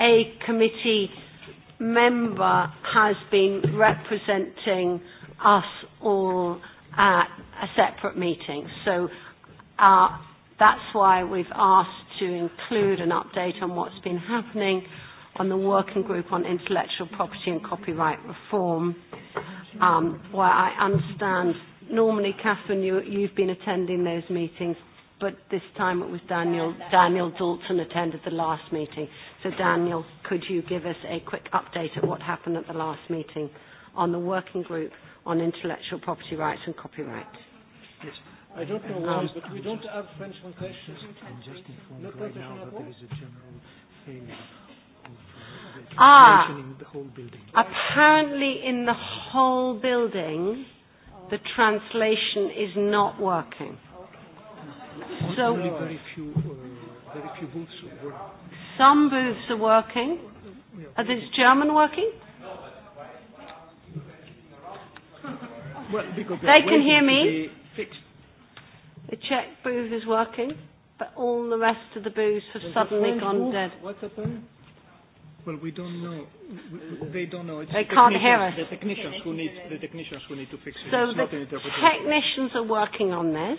a committee member has been representing us all at a separate meeting. So uh, that's why we've asked to include an update on what's been happening on the working group on intellectual property and copyright reform, um, where I understand normally, Catherine, you, you've been attending those meetings but this time it was Daniel. Daniel Dalton attended the last meeting. So Daniel, could you give us a quick update of what happened at the last meeting on the working group on intellectual property rights and copyright? Yes. I don't know why, but we don't have French questions I'm just informed right now that there is a general failure Ah, apparently in the whole building, the translation is not working. So only very few, uh, very few booths work. Some booths are working. Are these German working? Well, because they can hear me. Fixed. The Czech booth is working, but all the rest of the booths have suddenly gone booth. dead. What's happened? Well, we don't know. They don't know. It's they the can't hear us. The technicians who need the technicians who need to fix it. So it's the not an technicians are working on this.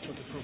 for the program.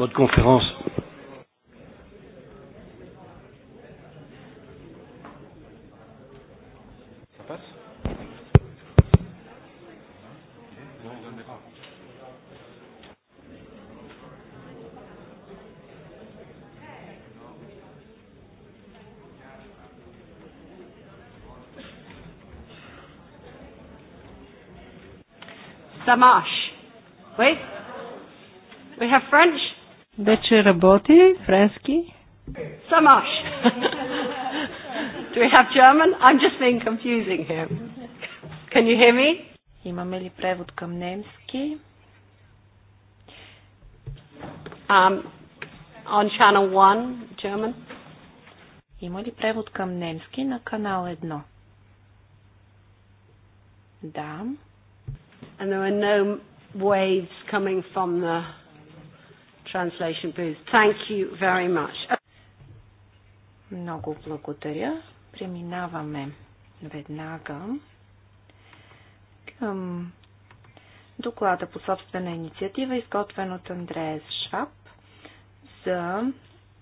Mode conférence. Ça passe Ça marche. Oui. We have French. Вече работи френски. Самаш. Do we have German? I'm just being confusing him. Can you hear me? Имаме ли превод към немски? Um, on channel 1, German. Има ли превод към немски на канал 1? Да. And there were no waves coming from the translation booth. Thank you very much. Много благодаря. Преминаваме веднага към доклада по собствена инициатива, изготвен от Андреас Шваб за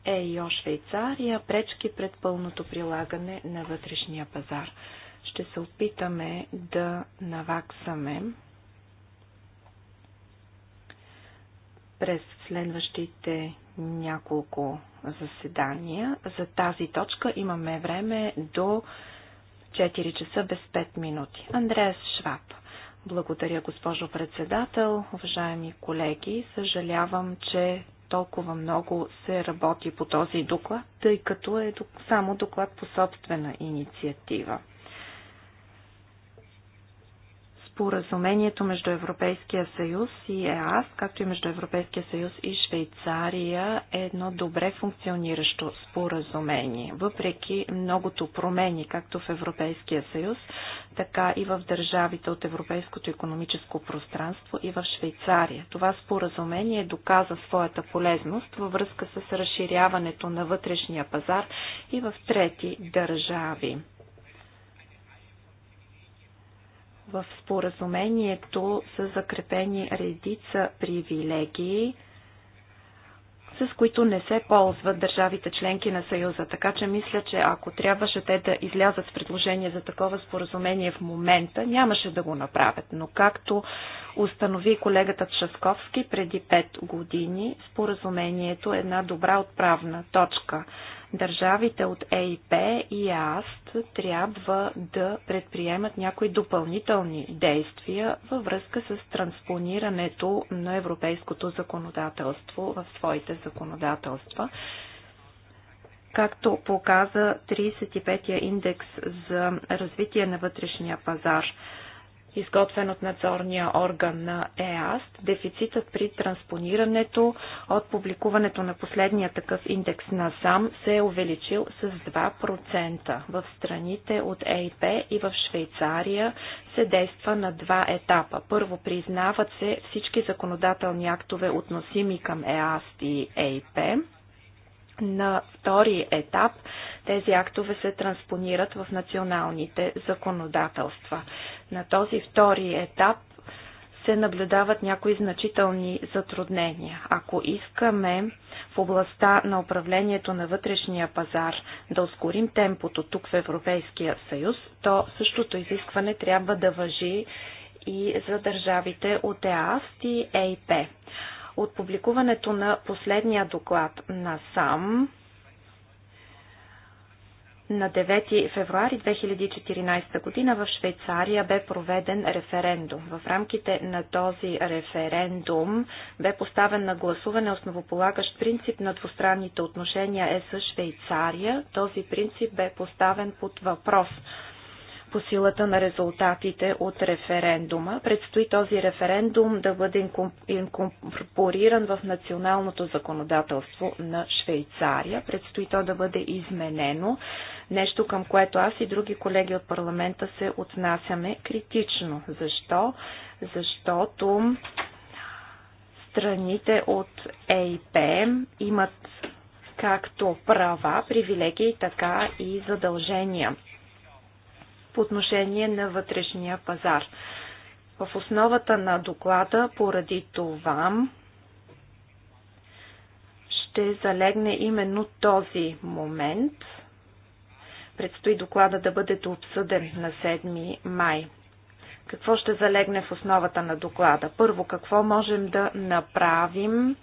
ЕИО Швейцария, пречки пред пълното прилагане на вътрешния пазар. Ще се опитаме да наваксаме през следващите няколко заседания. За тази точка имаме време до 4 часа без 5 минути. Андреас Шваб. Благодаря, госпожо председател, уважаеми колеги. Съжалявам, че толкова много се работи по този доклад, тъй като е само доклад по собствена инициатива споразумението между Европейския съюз и ЕАС, както и между Европейския съюз и Швейцария е едно добре функциониращо споразумение, въпреки многото промени, както в Европейския съюз, така и в държавите от Европейското економическо пространство и в Швейцария. Това споразумение доказа своята полезност във връзка с разширяването на вътрешния пазар и в трети държави. В споразумението са закрепени редица привилегии, с които не се ползват държавите членки на Съюза. Така че мисля, че ако трябваше те да излязат с предложение за такова споразумение в момента, нямаше да го направят. Но както установи колегата Часковски преди 5 години, споразумението е една добра отправна точка държавите от ЕИП и ЕАСТ трябва да предприемат някои допълнителни действия във връзка с транспонирането на европейското законодателство в своите законодателства. Както показа 35-я индекс за развитие на вътрешния пазар изготвен от надзорния орган на ЕАСТ. Дефицитът при транспонирането от публикуването на последния такъв индекс на сам се е увеличил с 2%. В страните от ЕИП и в Швейцария се действа на два етапа. Първо признават се всички законодателни актове относими към ЕАСТ и ЕИП на втори етап тези актове се транспонират в националните законодателства. На този втори етап се наблюдават някои значителни затруднения. Ако искаме в областта на управлението на вътрешния пазар да ускорим темпото тук в Европейския съюз, то същото изискване трябва да въжи и за държавите от ЕАСТ и ЕИП. От публикуването на последния доклад на САМ на 9 февруари 2014 година в Швейцария бе проведен референдум. В рамките на този референдум бе поставен на гласуване основополагащ принцип на двустранните отношения е с швейцария Този принцип бе поставен под въпрос по силата на резултатите от референдума. Предстои този референдум да бъде инкорпориран в националното законодателство на Швейцария. Предстои то да бъде изменено, нещо към което аз и други колеги от парламента се отнасяме критично. Защо? Защото страните от ЕИПМ имат както права, привилегии, така и задължения по отношение на вътрешния пазар. В основата на доклада поради това ще залегне именно този момент. Предстои доклада да бъде обсъден на 7 май. Какво ще залегне в основата на доклада? Първо, какво можем да направим,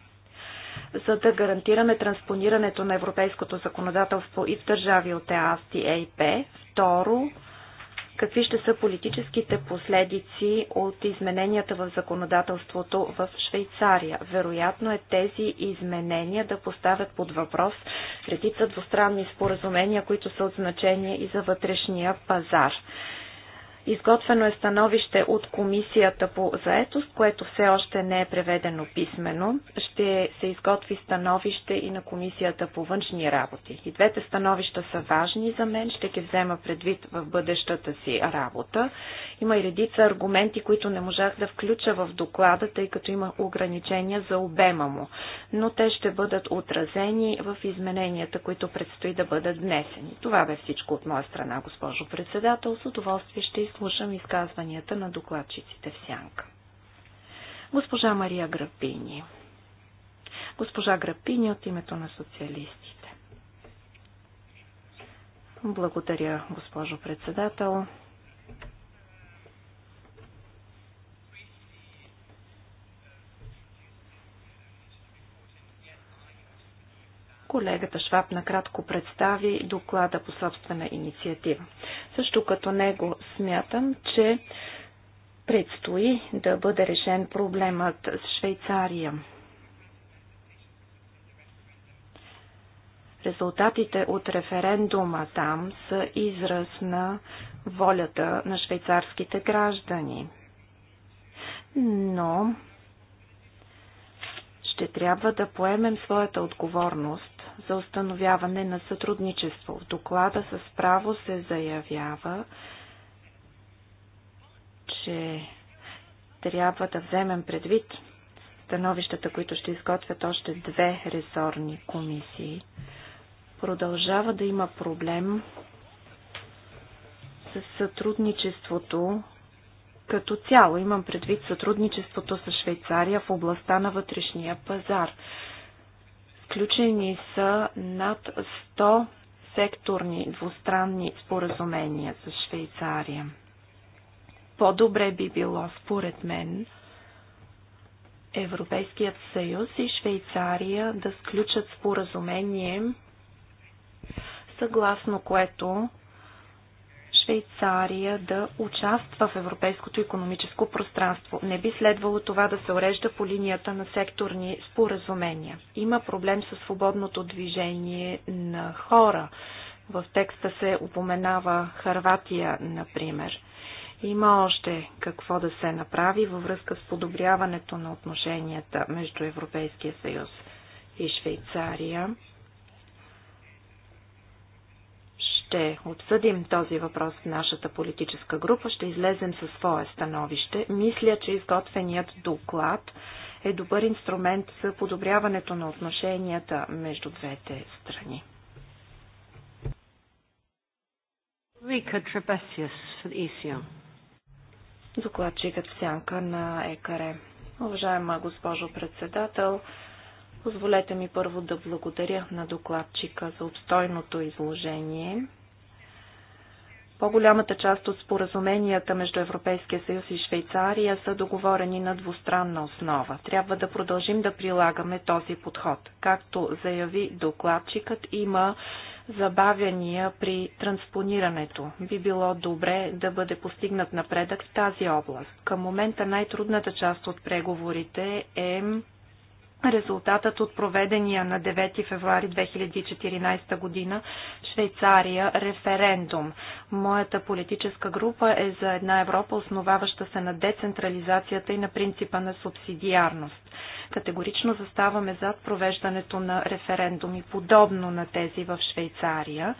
за да гарантираме транспонирането на европейското законодателство и в държави от ЕАСТ и ЕИП? Второ, какви ще са политическите последици от измененията в законодателството в Швейцария. Вероятно е тези изменения да поставят под въпрос редица двустранни споразумения, които са от значение и за вътрешния пазар. Изготвено е становище от комисията по заетост, което все още не е преведено писменно. Ще се изготви становище и на комисията по външни работи. И двете становища са важни за мен, ще ги взема предвид в бъдещата си работа. Има и редица аргументи, които не можах да включа в доклада, тъй като има ограничения за обема му. Но те ще бъдат отразени в измененията, които предстои да бъдат внесени. Това бе всичко от моя страна, госпожо председател. С удоволствие ще Слушам изказванията на докладчиците в сянка. Госпожа Мария Грапини. Госпожа Грапини от името на социалистите. Благодаря, госпожо председател. Колегата Шваб накратко представи доклада по собствена инициатива. Също като него смятам, че предстои да бъде решен проблемът с Швейцария. Резултатите от референдума там са израз на волята на швейцарските граждани. Но ще трябва да поемем своята отговорност за установяване на сътрудничество. В доклада с право се заявява, че трябва да вземем предвид становищата, които ще изготвят още две ресорни комисии. Продължава да има проблем с сътрудничеството като цяло. Имам предвид сътрудничеството с Швейцария в областта на вътрешния пазар. Включени са над 100 секторни двустранни споразумения с Швейцария. По-добре би било, според мен, Европейският съюз и Швейцария да сключат споразумение, съгласно което Швейцария да участва в Европейското економическо пространство. Не би следвало това да се урежда по линията на секторни споразумения. Има проблем със свободното движение на хора. В текста се упоменава Харватия, например. Има още какво да се направи във връзка с подобряването на отношенията между Европейския съюз и Швейцария. Ще обсъдим този въпрос в нашата политическа група, ще излезем със свое становище. Мисля, че изготвеният доклад е добър инструмент за подобряването на отношенията между двете страни. Рика Докладчикът сянка на ЕКР. Уважаема госпожо председател, Позволете ми първо да благодаря на докладчика за обстойното изложение. По-голямата част от споразуменията между Европейския съюз и Швейцария са договорени на двустранна основа. Трябва да продължим да прилагаме този подход. Както заяви докладчикът, има забавяния при транспонирането. Би било добре да бъде постигнат напредък в тази област. Към момента най-трудната част от преговорите е Резултатът от проведения на 9 февруари 2014 година в Швейцария референдум. Моята политическа група е за една Европа, основаваща се на децентрализацията и на принципа на субсидиарност. Категорично заставаме зад провеждането на референдуми, подобно на тези в Швейцария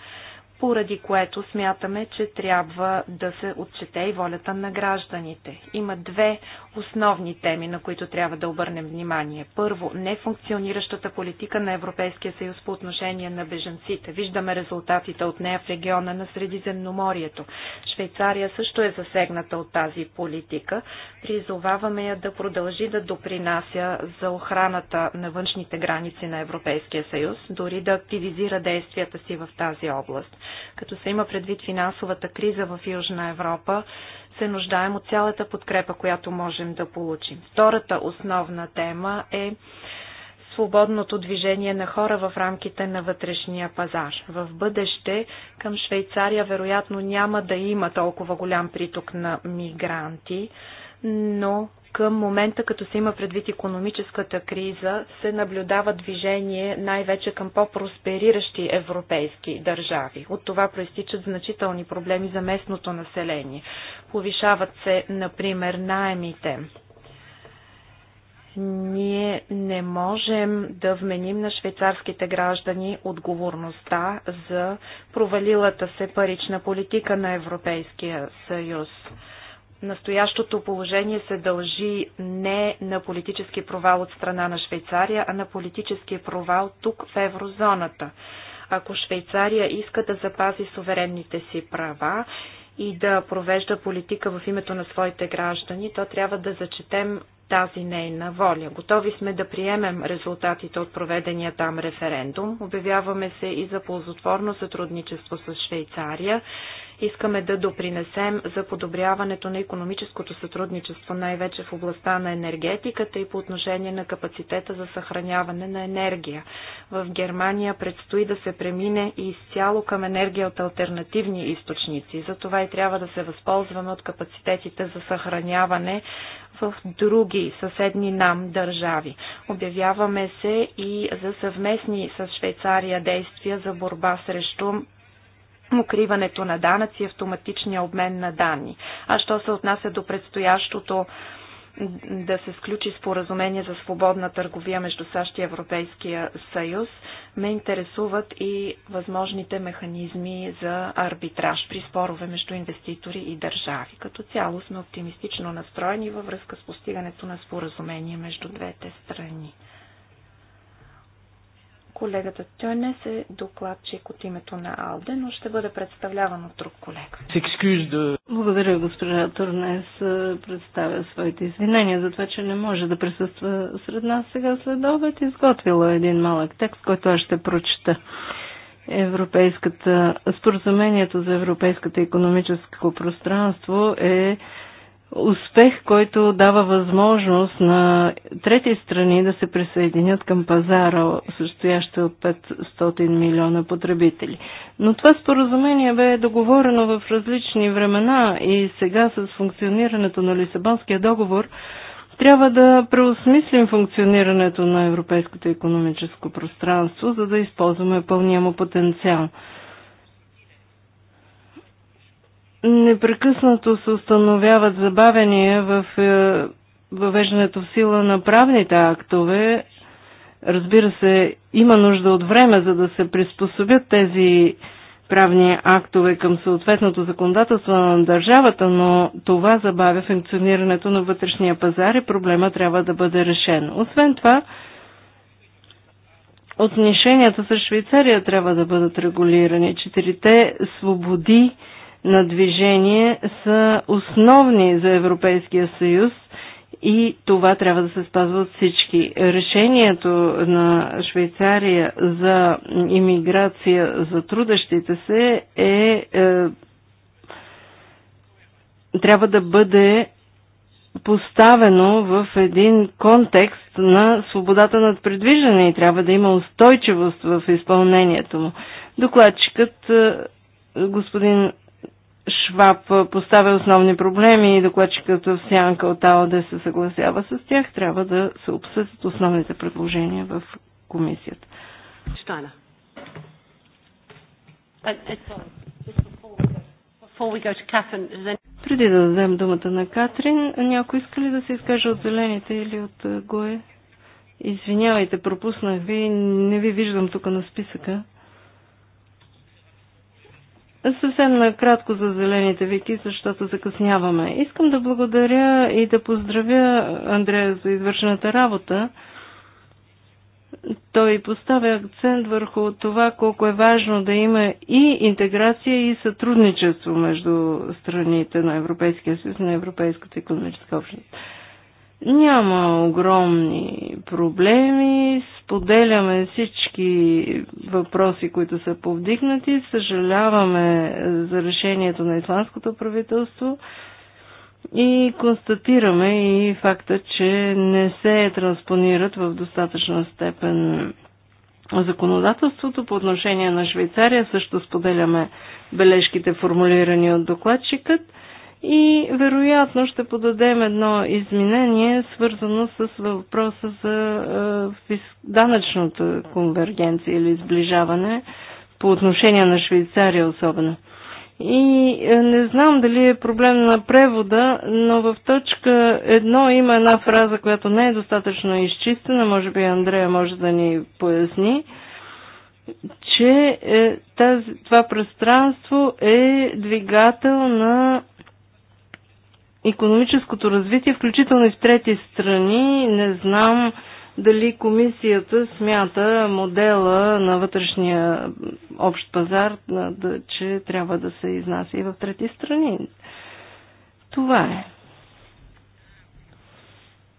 поради което смятаме, че трябва да се отчете и волята на гражданите. Има две основни теми, на които трябва да обърнем внимание. Първо, нефункциониращата политика на Европейския съюз по отношение на беженците. Виждаме резултатите от нея в региона на Средиземноморието. Швейцария също е засегната от тази политика. Призоваваме я да продължи да допринася за охраната на външните граници на Европейския съюз, дори да активизира действията си в тази област. Като се има предвид финансовата криза в Южна Европа, се нуждаем от цялата подкрепа, която можем да получим. Втората основна тема е свободното движение на хора в рамките на вътрешния пазар. В бъдеще към Швейцария вероятно няма да има толкова голям приток на мигранти, но към момента, като се има предвид економическата криза, се наблюдава движение най-вече към по-проспериращи европейски държави. От това проистичат значителни проблеми за местното население. Повишават се, например, найемите ние не можем да вменим на швейцарските граждани отговорността за провалилата се парична политика на Европейския съюз. Настоящото положение се дължи не на политически провал от страна на Швейцария, а на политически провал тук в еврозоната. Ако Швейцария иска да запази суверенните си права и да провежда политика в името на своите граждани, то трябва да зачетем тази нейна воля. Готови сме да приемем резултатите от проведения там референдум. Обявяваме се и за ползотворно сътрудничество с Швейцария. Искаме да допринесем за подобряването на економическото сътрудничество, най-вече в областта на енергетиката и по отношение на капацитета за съхраняване на енергия. В Германия предстои да се премине и изцяло към енергия от альтернативни източници. Затова и трябва да се възползваме от капацитетите за съхраняване в други съседни нам държави. Обявяваме се и за съвместни с Швейцария действия за борба срещу укриването на данъци и автоматичния обмен на данни. А що се отнася до предстоящото да се сключи споразумение за свободна търговия между САЩ и Европейския съюз, ме интересуват и възможните механизми за арбитраж при спорове между инвеститори и държави. Като цяло сме оптимистично настроени във връзка с постигането на споразумение между двете страни. Колегата Тюнес е докладчик от името на Алде, но ще бъде представляван от друг колега. Благодаря, госпожа Турнес. Представя своите извинения за това, че не може да присъства сред нас сега след обед. Изготвила е един малък текст, който аз ще прочета. Европейската, споразумението за Европейската економическо пространство е успех, който дава възможност на трети страни да се присъединят към пазара, състояща от 500 милиона потребители. Но това споразумение бе договорено в различни времена и сега с функционирането на Лисабонския договор трябва да преосмислим функционирането на европейското економическо пространство, за да използваме пълния му потенциал – непрекъснато се установяват забавения в е, въвеждането в сила на правните актове. Разбира се, има нужда от време, за да се приспособят тези правни актове към съответното законодателство на държавата, но това забавя функционирането на вътрешния пазар и проблема трябва да бъде решен. Освен това, отношенията с Швейцария трябва да бъдат регулирани. Четирите свободи на движение са основни за Европейския съюз и това трябва да се спазва от всички. Решението на Швейцария за иммиграция за трудещите се е, е трябва да бъде поставено в един контекст на свободата над предвиждане и трябва да има устойчивост в изпълнението му. Докладчикът е, господин Шваб поставя основни проблеми и докладчиката в сянка от АОД се съгласява с тях, трябва да се обсъдят основните предложения в комисията. Штайна. Е, е, Преди да дадем думата на Катрин, някой иска ли да се изкаже от зелените или от Гое? Извинявайте, пропуснах ви, не ви виждам тук на списъка. Съвсем накратко за зелените вики, защото закъсняваме. Искам да благодаря и да поздравя Андрея за извършената работа. Той поставя акцент върху това колко е важно да има и интеграция и сътрудничество между страните на Европейския съюз и на Европейската економическа общност. Няма огромни проблеми, споделяме всички въпроси, които са повдигнати, съжаляваме за решението на исландското правителство и констатираме и факта, че не се транспонират в достатъчна степен законодателството. По отношение на Швейцария също споделяме бележките, формулирани от докладчикът – и вероятно ще подадем едно изменение, свързано с въпроса за е, данъчната конвергенция или сближаване по отношение на Швейцария особено. И е, не знам дали е проблем на превода, но в точка едно има една фраза, която не е достатъчно изчистена, може би Андрея може да ни поясни, че е, тази, това пространство е двигател на економическото развитие, включително и в трети страни. Не знам дали комисията смята модела на вътрешния общ пазар, че трябва да се изнася и в трети страни. Това е.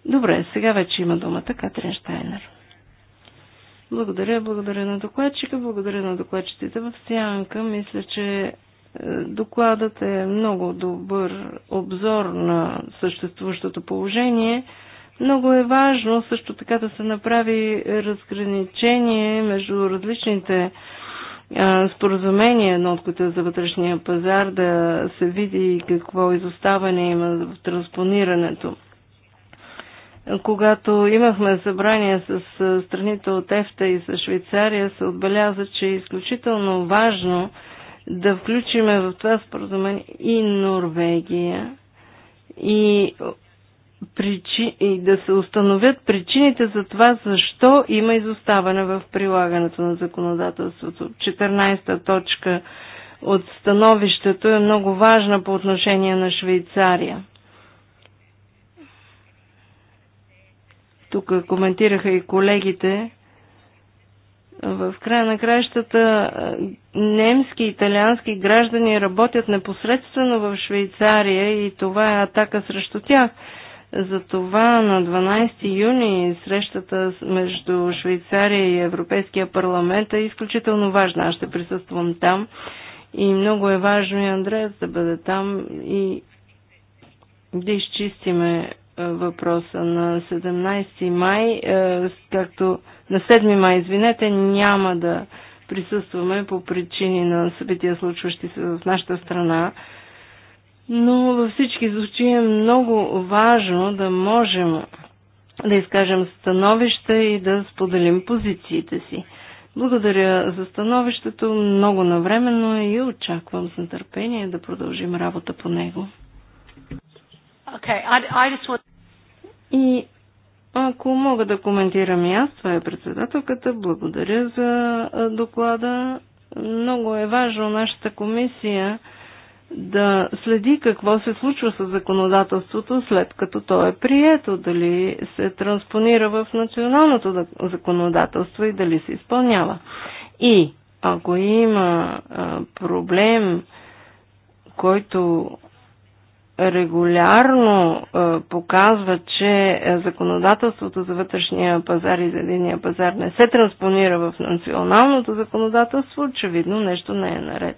Добре, сега вече има думата Катрин Штайнер. Благодаря, благодаря на докладчика, благодаря на докладчиците в Сянка. Мисля, че Докладът е много добър обзор на съществуващото положение. Много е важно също така да се направи разграничение между различните споразумения, едно от които е за вътрешния пазар, да се види какво изоставане има в транспонирането. Когато имахме събрание с страните от ЕФТА и с Швейцария, се отбеляза, че е изключително важно да включиме в това споразумение и Норвегия и, причи, и да се установят причините за това, защо има изоставане в прилагането на законодателството. 14-та точка от становището е много важна по отношение на Швейцария. Тук коментираха и колегите, в края на краищата немски и италиански граждани работят непосредствено в Швейцария и това е атака срещу тях. Затова на 12 юни срещата между Швейцария и Европейския парламент е изключително важна. Аз ще присъствам там и много е важно и Андреас да бъде там и да изчистиме въпроса на 17 май, както на 7 май, извинете, няма да присъстваме по причини на събития, случващи се в нашата страна. Но във всички случаи е много важно да можем да изкажем становища и да споделим позициите си. Благодаря за становището, много навременно е и очаквам с нетърпение да продължим работа по него. Okay, I, I just want... И ако мога да коментирам и аз, това е председателката. Благодаря за доклада. Много е важно нашата комисия да следи какво се случва с законодателството след като то е прието, дали се транспонира в националното законодателство и дали се изпълнява. И ако има проблем, който регулярно е, показва, че е, законодателството за вътрешния пазар и за единия пазар не се транспонира в националното законодателство, очевидно нещо не е наред.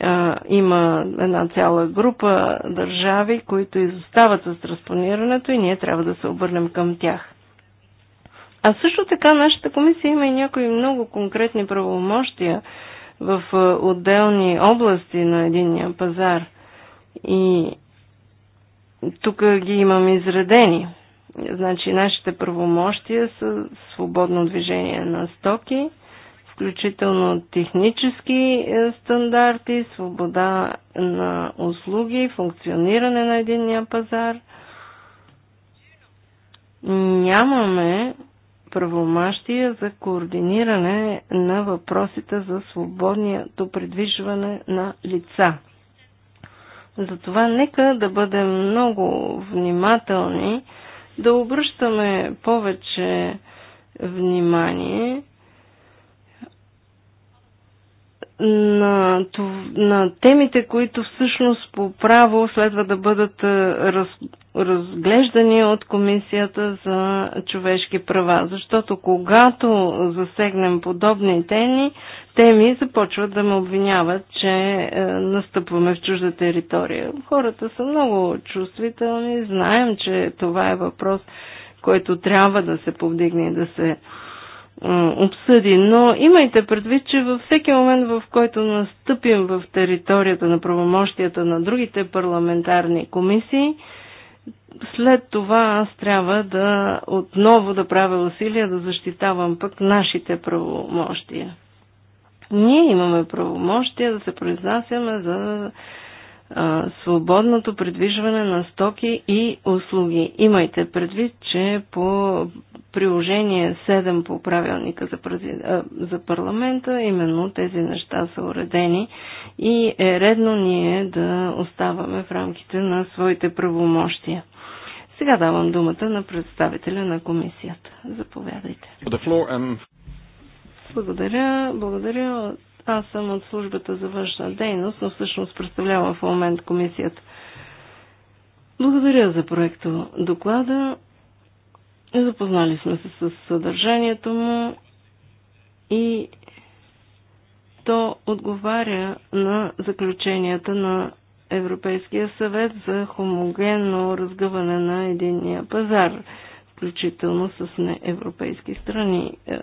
Е, има една цяла група държави, които изостават с транспонирането и ние трябва да се обърнем към тях. А също така нашата комисия има и някои много конкретни правомощия в отделни области на единния пазар. И тук ги имам изредени. Значи нашите правомощия са свободно движение на стоки, включително технически е, стандарти, свобода на услуги, функциониране на единния пазар. Нямаме правомащия за координиране на въпросите за свободното придвижване на лица – затова нека да бъдем много внимателни, да обръщаме повече внимание на, на темите, които всъщност по право следва да бъдат раз, разглеждани от Комисията за човешки права. Защото когато засегнем подобни теми, теми започват да ме обвиняват, че е, настъпваме в чужда територия. Хората са много чувствителни, знаем, че това е въпрос, който трябва да се повдигне и да се обсъди. Но имайте предвид, че във всеки момент, в който настъпим в територията на правомощията на другите парламентарни комисии, след това аз трябва да отново да правя усилия да защитавам пък нашите правомощия. Ние имаме правомощия да се произнасяме за свободното предвижване на стоки и услуги. Имайте предвид, че по приложение 7 по правилника за, за парламента именно тези неща са уредени и е редно ние да оставаме в рамките на своите правомощия. Сега давам думата на представителя на комисията. Заповядайте. Благодаря. Благодаря аз съм от службата за външна дейност, но всъщност представлявам в момент комисията. Благодаря за проекто доклада. Запознали сме се с съдържанието му и то отговаря на заключенията на Европейския съвет за хомогенно разгъване на единния пазар, включително с неевропейски страни. Е,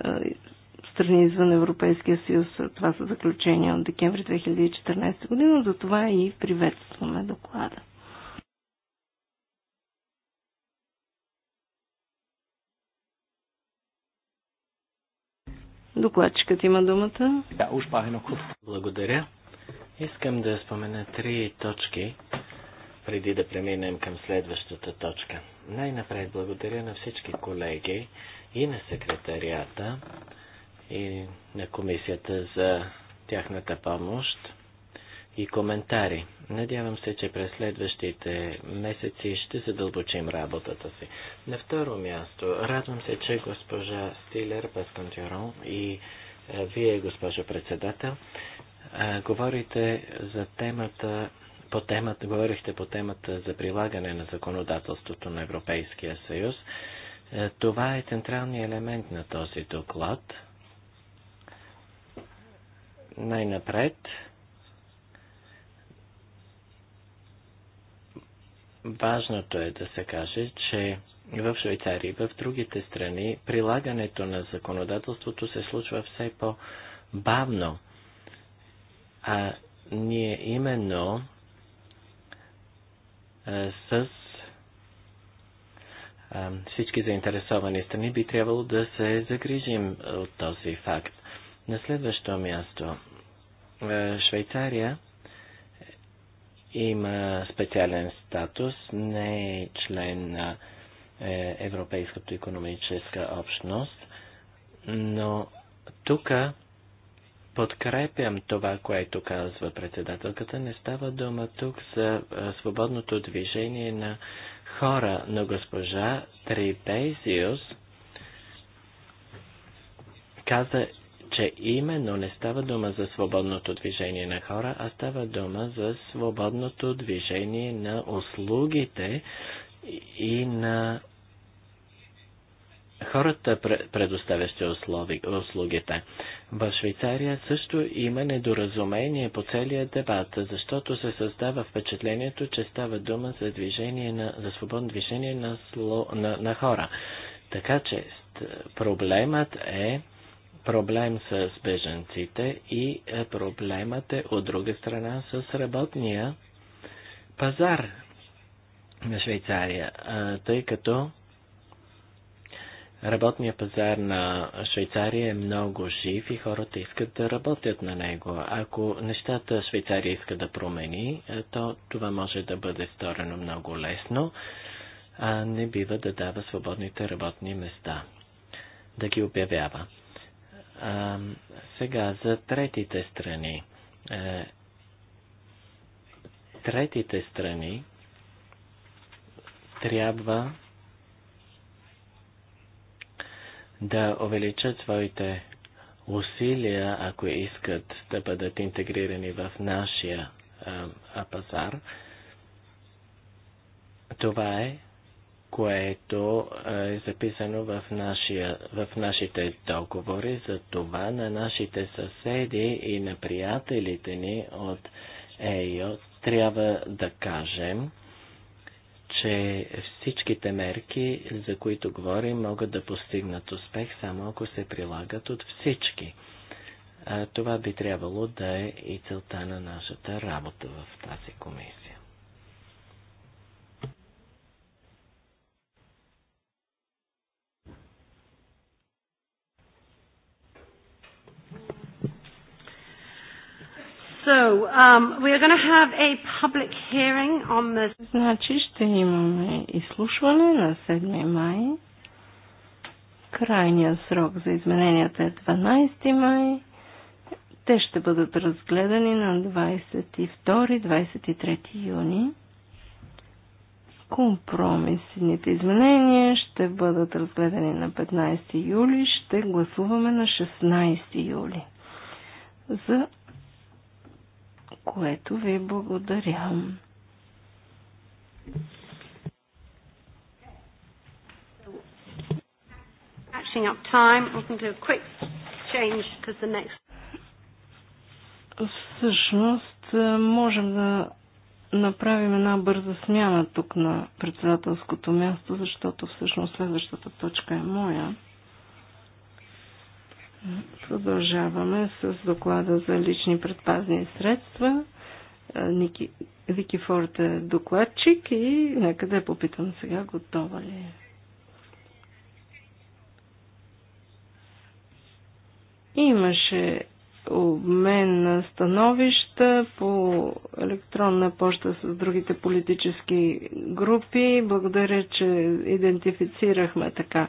страни извън Европейския съюз. Това са заключения от декември 2014 година, за това и приветстваме доклада. Докладчикът има думата. Да, успахено Благодаря. Искам да спомена три точки, преди да преминем към следващата точка. Най-напред благодаря на всички колеги и на секретарията и на комисията за тяхната помощ и коментари. Надявам се, че през следващите месеци ще задълбочим работата си. На второ място, радвам се, че госпожа Стилер Бастантюрон и е, вие, госпожа председател, е, говорите за темата по темата, говорихте по темата за прилагане на законодателството на Европейския съюз. Е, това е централният елемент на този доклад – най-напред важното е да се каже, че в Швейцария и в другите страни прилагането на законодателството се случва все по-бавно. А ние именно с всички заинтересовани страни би трябвало да се загрижим от този факт. На следващо място, е, Швейцария има специален статус, не е член на е, Европейската економическа общност, но тук подкрепям това, което казва председателката. Не става дума тук за е, свободното движение на хора, но госпожа Трибезиус каза че именно не става дума за свободното движение на хора, а става дума за свободното движение на услугите и на хората, предоставящи услугите. В Швейцария също има недоразумение по целия дебат, защото се създава впечатлението, че става дума за, движение на, за свободно движение на, сло, на, на хора. Така че проблемът е проблем с беженците и е, проблемът е от друга страна с работния пазар на Швейцария, тъй като работния пазар на Швейцария е много жив и хората искат да работят на него. Ако нещата Швейцария иска да промени, е, то това може да бъде сторено много лесно, а не бива да дава свободните работни места, да ги обявява. А, сега за третите страни. А, е, третите страни трябва да увеличат своите усилия, ако искат да бъдат интегрирани в нашия а, пазар. Това е което е, е записано в, нашия, в нашите договори за това на нашите съседи и на приятелите ни от ЕЙО. трябва да кажем, че всичките мерки, за които говорим, могат да постигнат успех само ако се прилагат от всички. А това би трябвало да е и целта на нашата работа в тази комисия. So, um, we are going to have a public hearing on the... Значи ще имаме изслушване на 7 май. Крайният срок за измененията е 12 май. Те ще бъдат разгледани на 22-23 юни. Компромисните изменения ще бъдат разгледани на 15 юли. Ще гласуваме на 16 юли за което ви благодаря. Всъщност, е, можем да направим една бърза смяна тук на председателското място, защото всъщност следващата точка е моя. Продължаваме с доклада за лични предпазни средства. Е, Ники, Вики Форд е докладчик и нека да я попитам сега готова ли е. Имаше обмен на становища по електронна почта с другите политически групи. Благодаря, че идентифицирахме така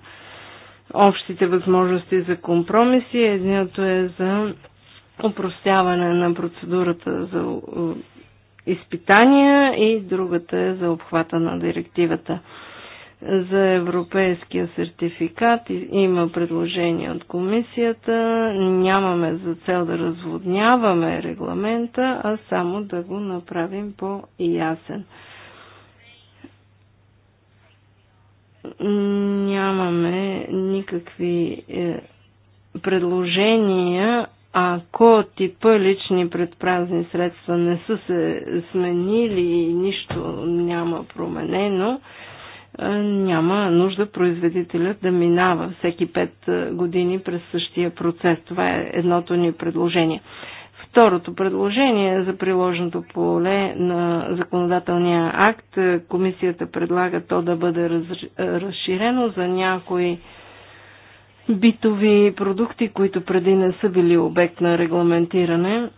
общите възможности за компромиси. Едното е за упростяване на процедурата за е, изпитания и другата е за обхвата на директивата. За европейския сертификат има предложение от комисията. Нямаме за цел да разводняваме регламента, а само да го направим по-ясен. нямаме никакви е, предложения, ако типа лични предпразни средства не са се сменили и нищо няма променено, е, няма нужда производителят да минава всеки 5 е, години през същия процес. Това е едното ни предложение. Второто предложение за приложното поле на законодателния акт. Комисията предлага то да бъде разширено за някои битови продукти, които преди не са били обект на регламентиране.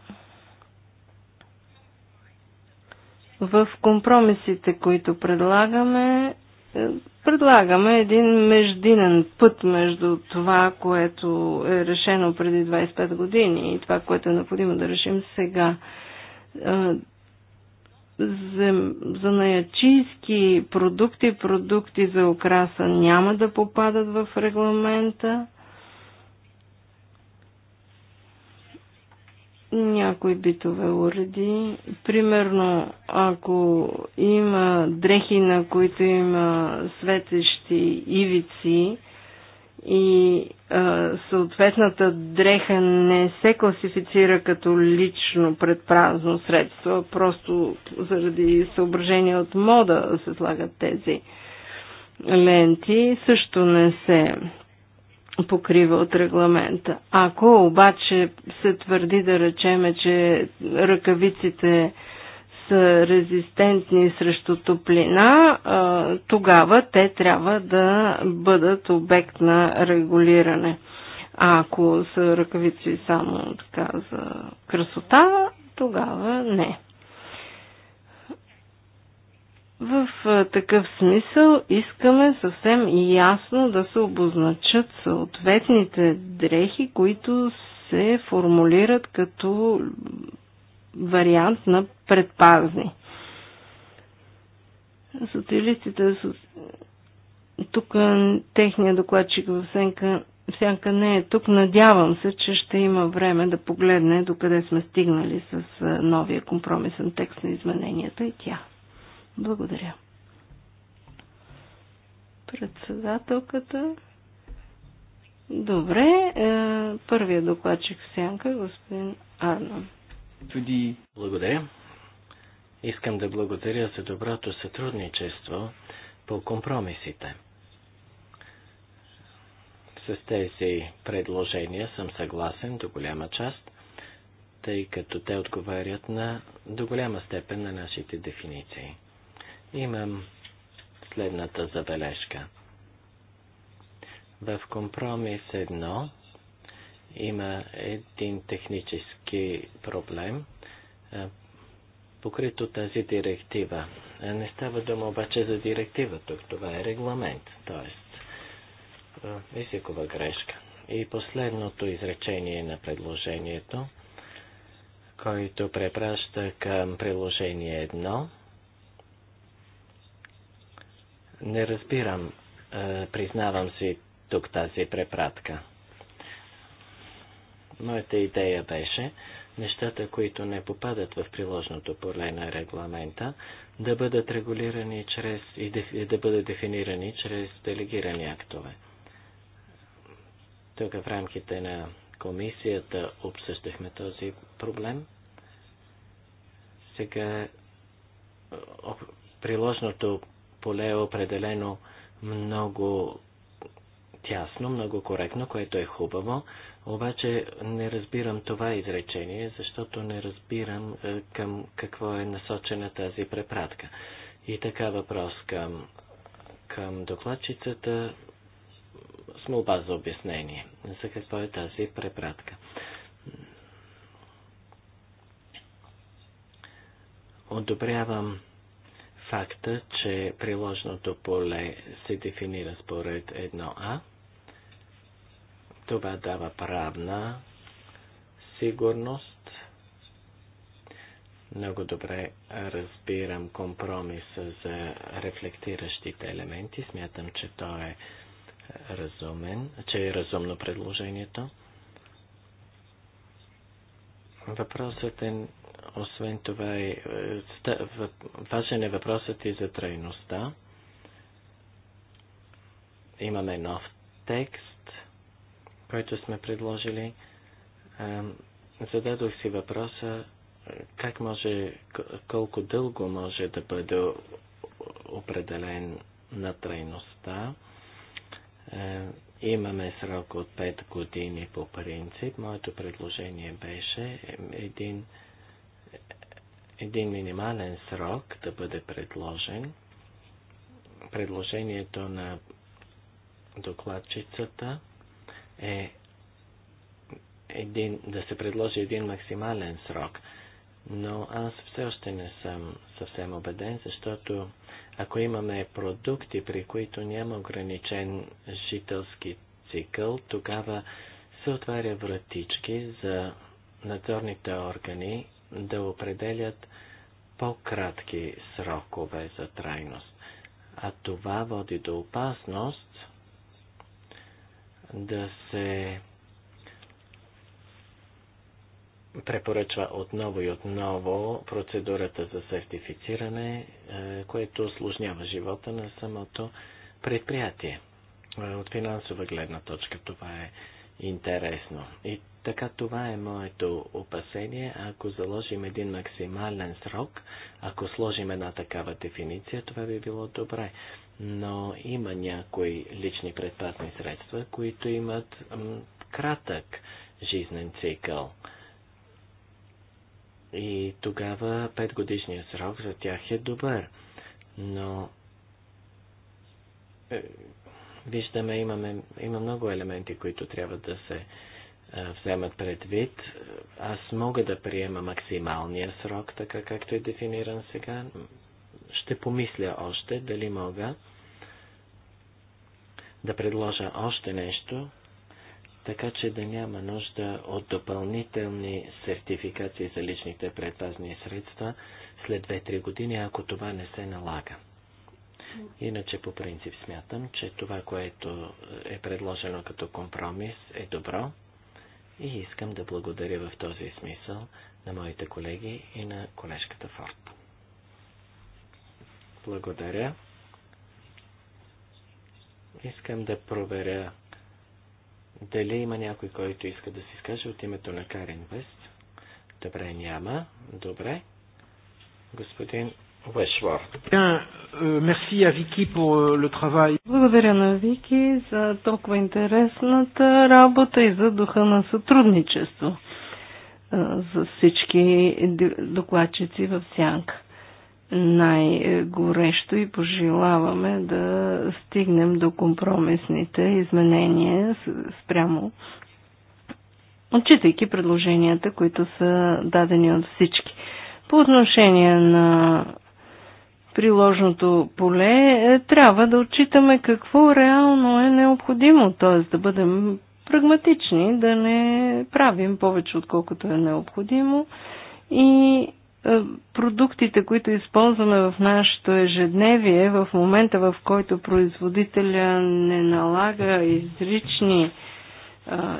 В компромисите, които предлагаме, е, предлагаме един междинен път между това, което е решено преди 25 години и това, което е необходимо да решим сега. Е, за, за наячийски продукти, продукти за окраса няма да попадат в регламента. някои битове уреди. Примерно, ако има дрехи, на които има светещи ивици и а, съответната дреха не се класифицира като лично предпразно средство, просто заради съображение от мода се слагат тези ленти, също не се покрива от регламента. Ако обаче се твърди да речеме, че ръкавиците са резистентни срещу топлина, тогава те трябва да бъдат обект на регулиране. А ако са ръкавици само така за красота, тогава не. В такъв смисъл искаме съвсем ясно да се обозначат съответните дрехи, които се формулират като вариант на предпазни. Социалистите тук техният докладчик в сенка, сянка не е тук. Надявам се, че ще има време да погледне докъде сме стигнали с новия компромисен текст на измененията и тя. Благодаря. Председателката. Добре. Е, първия докладчик в сянка, господин Арнон. Благодаря. Искам да благодаря за доброто сътрудничество по компромисите. С тези предложения съм съгласен до голяма част, тъй като те отговарят на, до голяма степен на нашите дефиниции. Имам следната забележка. В компромис едно има един технически проблем, покрито тази директива. Не става дума обаче за директива тук, това е регламент, т.е. езикова грешка. И последното изречение на предложението, който препраща към приложение 1, не разбирам, е, признавам си тук тази препратка. Моята идея беше нещата, които не попадат в приложното поле на регламента, да бъдат регулирани чрез и да бъдат дефинирани чрез делегирани актове. Тук в рамките на комисията обсъждахме този проблем. Сега приложното поле е определено много тясно, много коректно, което е хубаво. Обаче не разбирам това изречение, защото не разбирам е, към какво е насочена тази препратка. И така въпрос към, към докладчицата с молба за обяснение. За какво е тази препратка? Одобрявам факта, че приложното поле се дефинира според 1А. Това дава правна сигурност. Много добре разбирам компромиса за рефлектиращите елементи. Смятам, че то е разумен, че е разумно предложението. Въпросът е освен това е, е важен е въпросът и за трайността. Имаме нов текст, който сме предложили. Е, зададох си въпроса е, как може, колко дълго може да бъде определен на трайността. Имаме срок от 5 години по принцип. Моето предложение беше един един минимален срок да бъде предложен. Предложението на докладчицата е един, да се предложи един максимален срок. Но аз все още не съм съвсем убеден, защото ако имаме продукти, при които няма ограничен жителски цикъл, тогава се отваря вратички за надзорните органи да определят по-кратки срокове за трайност. А това води до опасност да се препоръчва отново и отново процедурата за сертифициране, е, което осложнява живота на самото предприятие. Е, от финансова гледна точка това е интересно. И така това е моето опасение. Ако заложим един максимален срок, ако сложим една такава дефиниция, това би било добре. Но има някои лични предпазни средства, които имат кратък жизнен цикъл. И тогава петгодишният срок за тях е добър. Но е, виждаме, имаме, има много елементи, които трябва да се вземат предвид. Аз мога да приема максималния срок, така както е дефиниран сега. Ще помисля още дали мога да предложа още нещо, така че да няма нужда от допълнителни сертификации за личните предпазни средства след 2-3 години, ако това не се налага. Иначе по принцип смятам, че това, което е предложено като компромис е добро. И искам да благодаря в този смисъл на моите колеги и на колежката Форд. Благодаря. Искам да проверя дали има някой, който иска да се изкаже от името на Карен Вест. Добре, няма. Добре. Господин Euh, euh, Благодаря на Вики за толкова интересната работа и за духа на сътрудничество за всички докладчици в Сянка. Най-горещо и пожелаваме да стигнем до компромисните изменения спрямо отчитайки предложенията, които са дадени от всички. По отношение на приложното поле, е, трябва да отчитаме какво реално е необходимо, т.е. да бъдем прагматични, да не правим повече отколкото е необходимо и е, продуктите, които използваме в нашето ежедневие, в момента в който производителя не налага изрични е,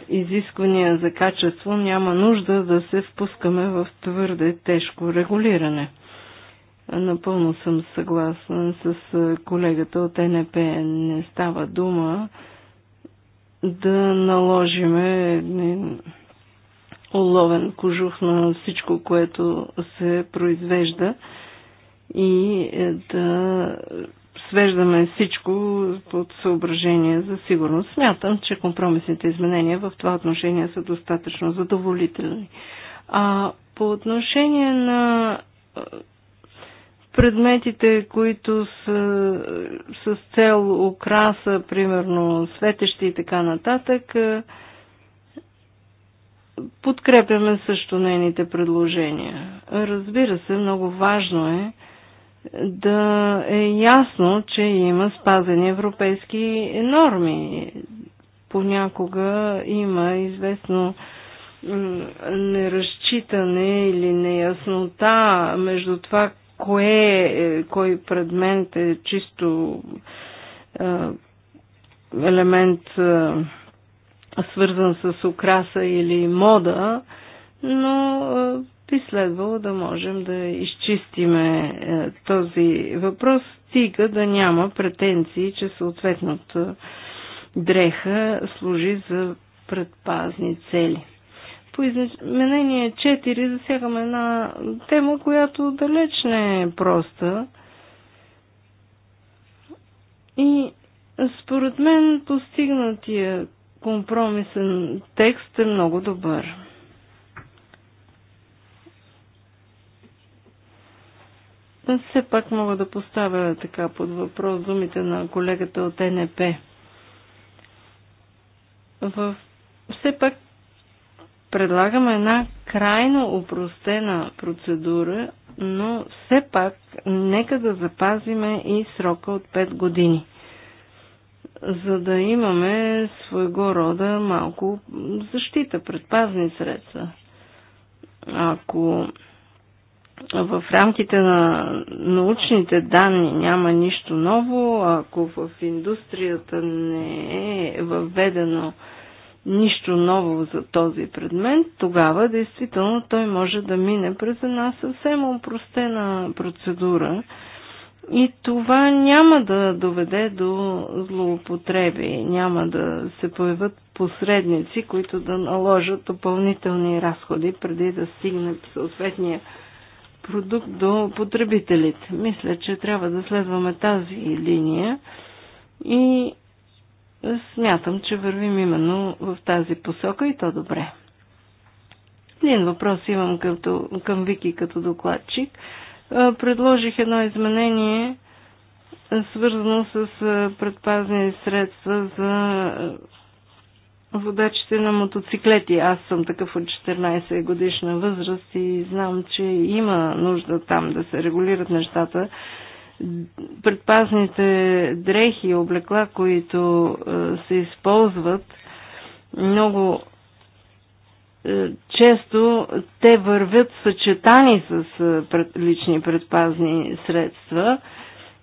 изисквания за качество, няма нужда да се впускаме в твърде тежко регулиране. Напълно съм съгласна с колегата от НП. Не става дума да наложиме оловен кожух на всичко, което се произвежда и е, да свеждаме всичко под съображение за сигурност. Смятам, че компромисните изменения в това отношение са достатъчно задоволителни. А по отношение на е, предметите, които са с цел украса, примерно светещи и така нататък, е, подкрепяме също нейните предложения. Разбира се, много важно е да е ясно, че има спазени европейски норми. Понякога има известно неразчитане или неяснота между това кое, е, кой предмет е чисто е, елемент е, свързан с украса или мода, но би следвало да можем да изчистиме този въпрос, стига да няма претенции, че съответната дреха служи за предпазни цели. По изменение 4 засягаме една тема, която далеч не е проста. И според мен постигнатия компромисен текст е много добър. все пак мога да поставя така под въпрос думите на колегата от НП. В... Все пак предлагаме една крайно упростена процедура, но все пак нека да запазиме и срока от 5 години, за да имаме своего рода малко защита, предпазни средства. Ако в рамките на научните данни няма нищо ново, ако в индустрията не е въведено нищо ново за този предмет, тогава действително той може да мине през една съвсем упростена процедура и това няма да доведе до злоупотреби, няма да се появят посредници, които да наложат допълнителни разходи преди да стигне съответния продукт до потребителите. Мисля, че трябва да следваме тази линия и смятам, че вървим именно в тази посока и то добре. Един въпрос имам като, към Вики като докладчик. Предложих едно изменение, свързано с предпазни средства за водачите на мотоциклети. Аз съм такъв от 14 годишна възраст и знам, че има нужда там да се регулират нещата предпазните дрехи и облекла, които е, се използват, много е, често те вървят съчетани с е, лични предпазни средства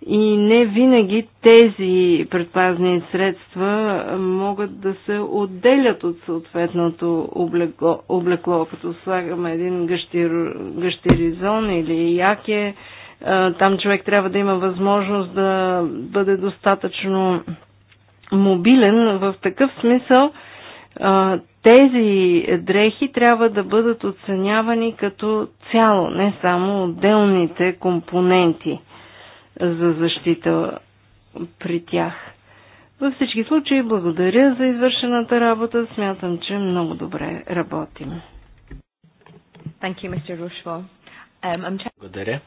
и не винаги тези предпазни средства могат да се отделят от съответното облекло, облекло като слагаме един гъщир, гъщеризон или яке, е, там човек трябва да има възможност да бъде достатъчно мобилен. В такъв смисъл е, тези дрехи трябва да бъдат оценявани като цяло, не само отделните компоненти за защита при тях. Във всички случаи благодаря за извършената работа. Смятам, че много добре работим. Thank you, Mr. Um, I'm... Благодаря.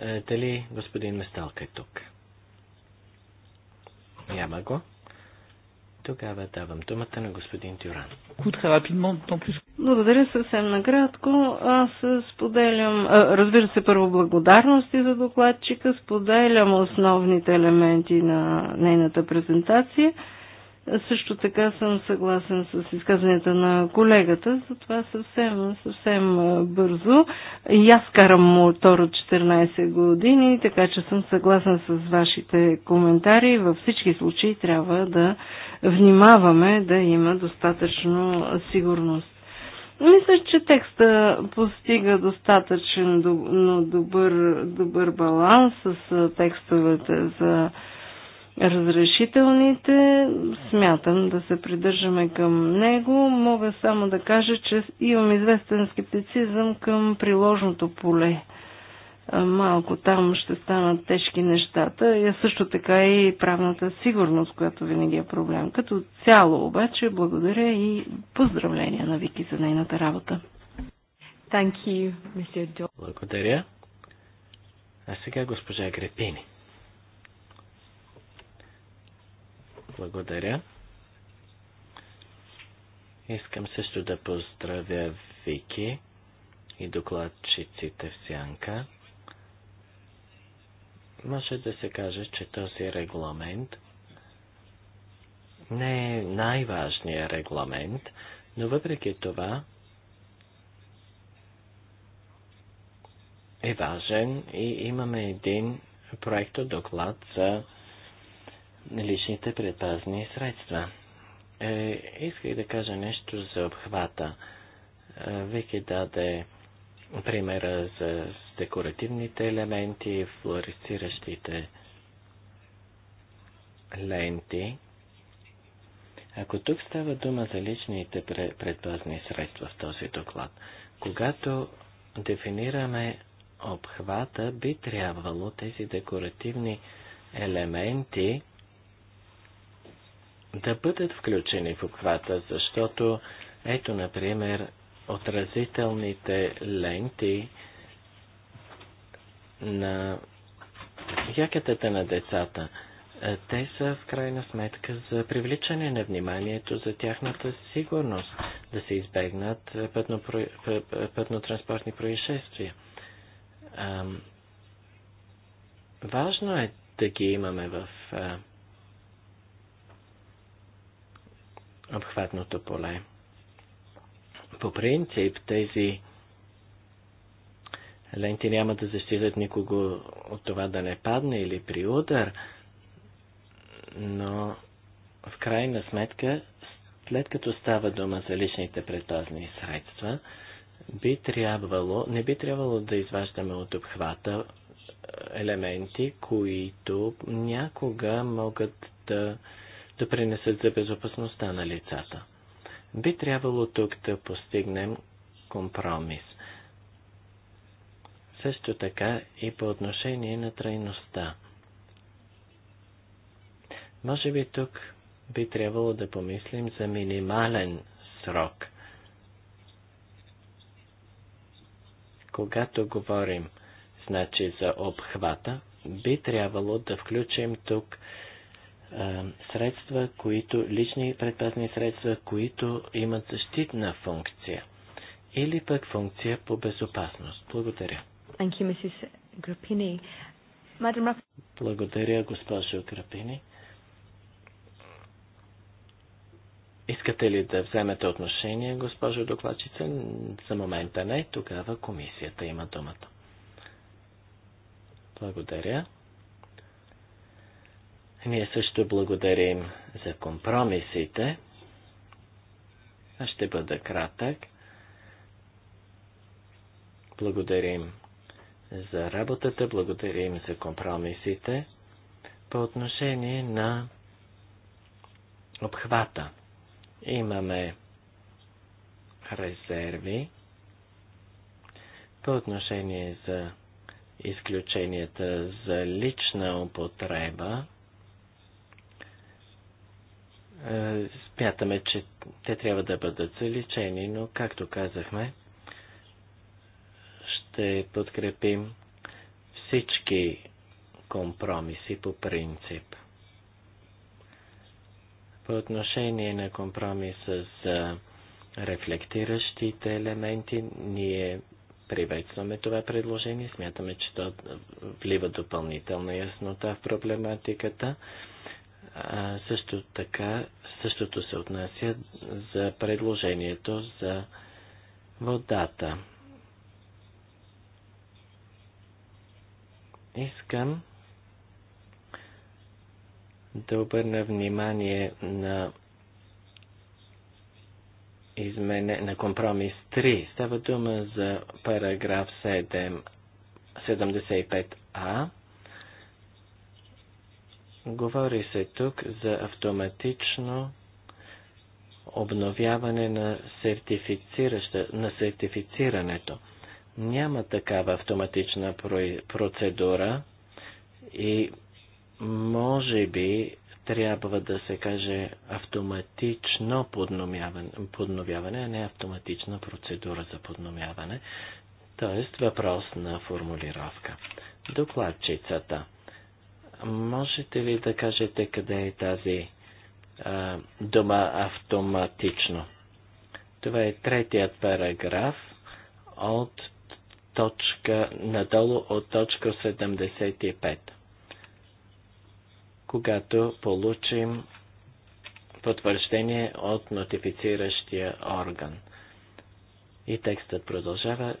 Е, дали господин Месталка е тук? Няма го. Тогава давам думата на господин Тюран. Благодаря съвсем накратко. Аз споделям, разбира се, първо благодарности за докладчика, споделям основните елементи на нейната презентация. Също така съм съгласен с изказването на колегата, затова съвсем, съвсем бързо. И аз карам мотор от 14 години, така че съм съгласен с вашите коментари. Във всички случаи трябва да внимаваме да има достатъчно сигурност. Мисля, че текста постига достатъчен добър, добър баланс с текстовете за разрешителните. Смятам да се придържаме към него. Мога само да кажа, че имам известен скептицизъм към приложното поле. Малко там ще станат тежки нещата, а също така и правната сигурност, която винаги е проблем. Като цяло обаче благодаря и поздравления на Вики за нейната работа. Thank you, Благодаря. А сега госпожа Грепини. Благодаря. Искам също да поздравя Вики и докладчиците в Сянка. Може да се каже, че този регламент не е най-важният регламент, но въпреки това е важен и имаме един проектодоклад за личните предпазни средства. Е, исках да кажа нещо за обхвата. Е, Вики даде примера за декоративните елементи, флуоресциращите ленти. Ако тук става дума за личните предпазни средства в този доклад, когато дефинираме обхвата, би трябвало тези декоративни елементи да бъдат включени в обхвата, защото ето, например, отразителните ленти на яката на децата. Те са в крайна сметка за привличане на вниманието за тяхната сигурност, да се избегнат пътно, пътно происшествия. Важно е да ги имаме в обхватното поле. По принцип тези ленти няма да защитят никого от това да не падне или при удар, но в крайна сметка, след като става дума за личните предпазни средства, би трябвало, не би трябвало да изваждаме от обхвата е, елементи, които някога могат да да принесат за безопасността на лицата. Би трябвало тук да постигнем компромис. Също така и по отношение на трайността. Може би тук би трябвало да помислим за минимален срок. Когато говорим, значи за обхвата, би трябвало да включим тук е, средства, които, лични предпазни средства, които имат защитна функция или пък функция по безопасност. Благодаря. Благодаря, госпожо Грапини. Искате ли да вземете отношение, госпожо докладчица? За момента не. Тогава комисията има думата. Благодаря. Ние също благодарим за компромисите. Аз ще бъда кратък. Благодарим за работата, благодарим за компромисите по отношение на обхвата. Имаме резерви по отношение за изключенията за лична употреба е, смятаме, че те трябва да бъдат заличени, но както казахме, ще подкрепим всички компромиси по принцип. По отношение на компромиса с рефлектиращите елементи, ние приветстваме това предложение. Смятаме, че то влива допълнителна яснота в проблематиката. А, също така, същото се отнася за предложението за водата. Искам да обърна внимание на измене, на компромис 3. Става дума за параграф 7, 75а. Говори се тук за автоматично обновяване на, на сертифицирането. Няма такава автоматична процедура и може би трябва да се каже автоматично подновяване, а не автоматична процедура за подновяване, т.е. въпрос на формулировка. Докладчицата. Можете ли да кажете къде е тази а, дума автоматично? Това е третият параграф от точка, надолу от точка 75. Когато получим потвърждение от нотифициращия орган. И текстът продължава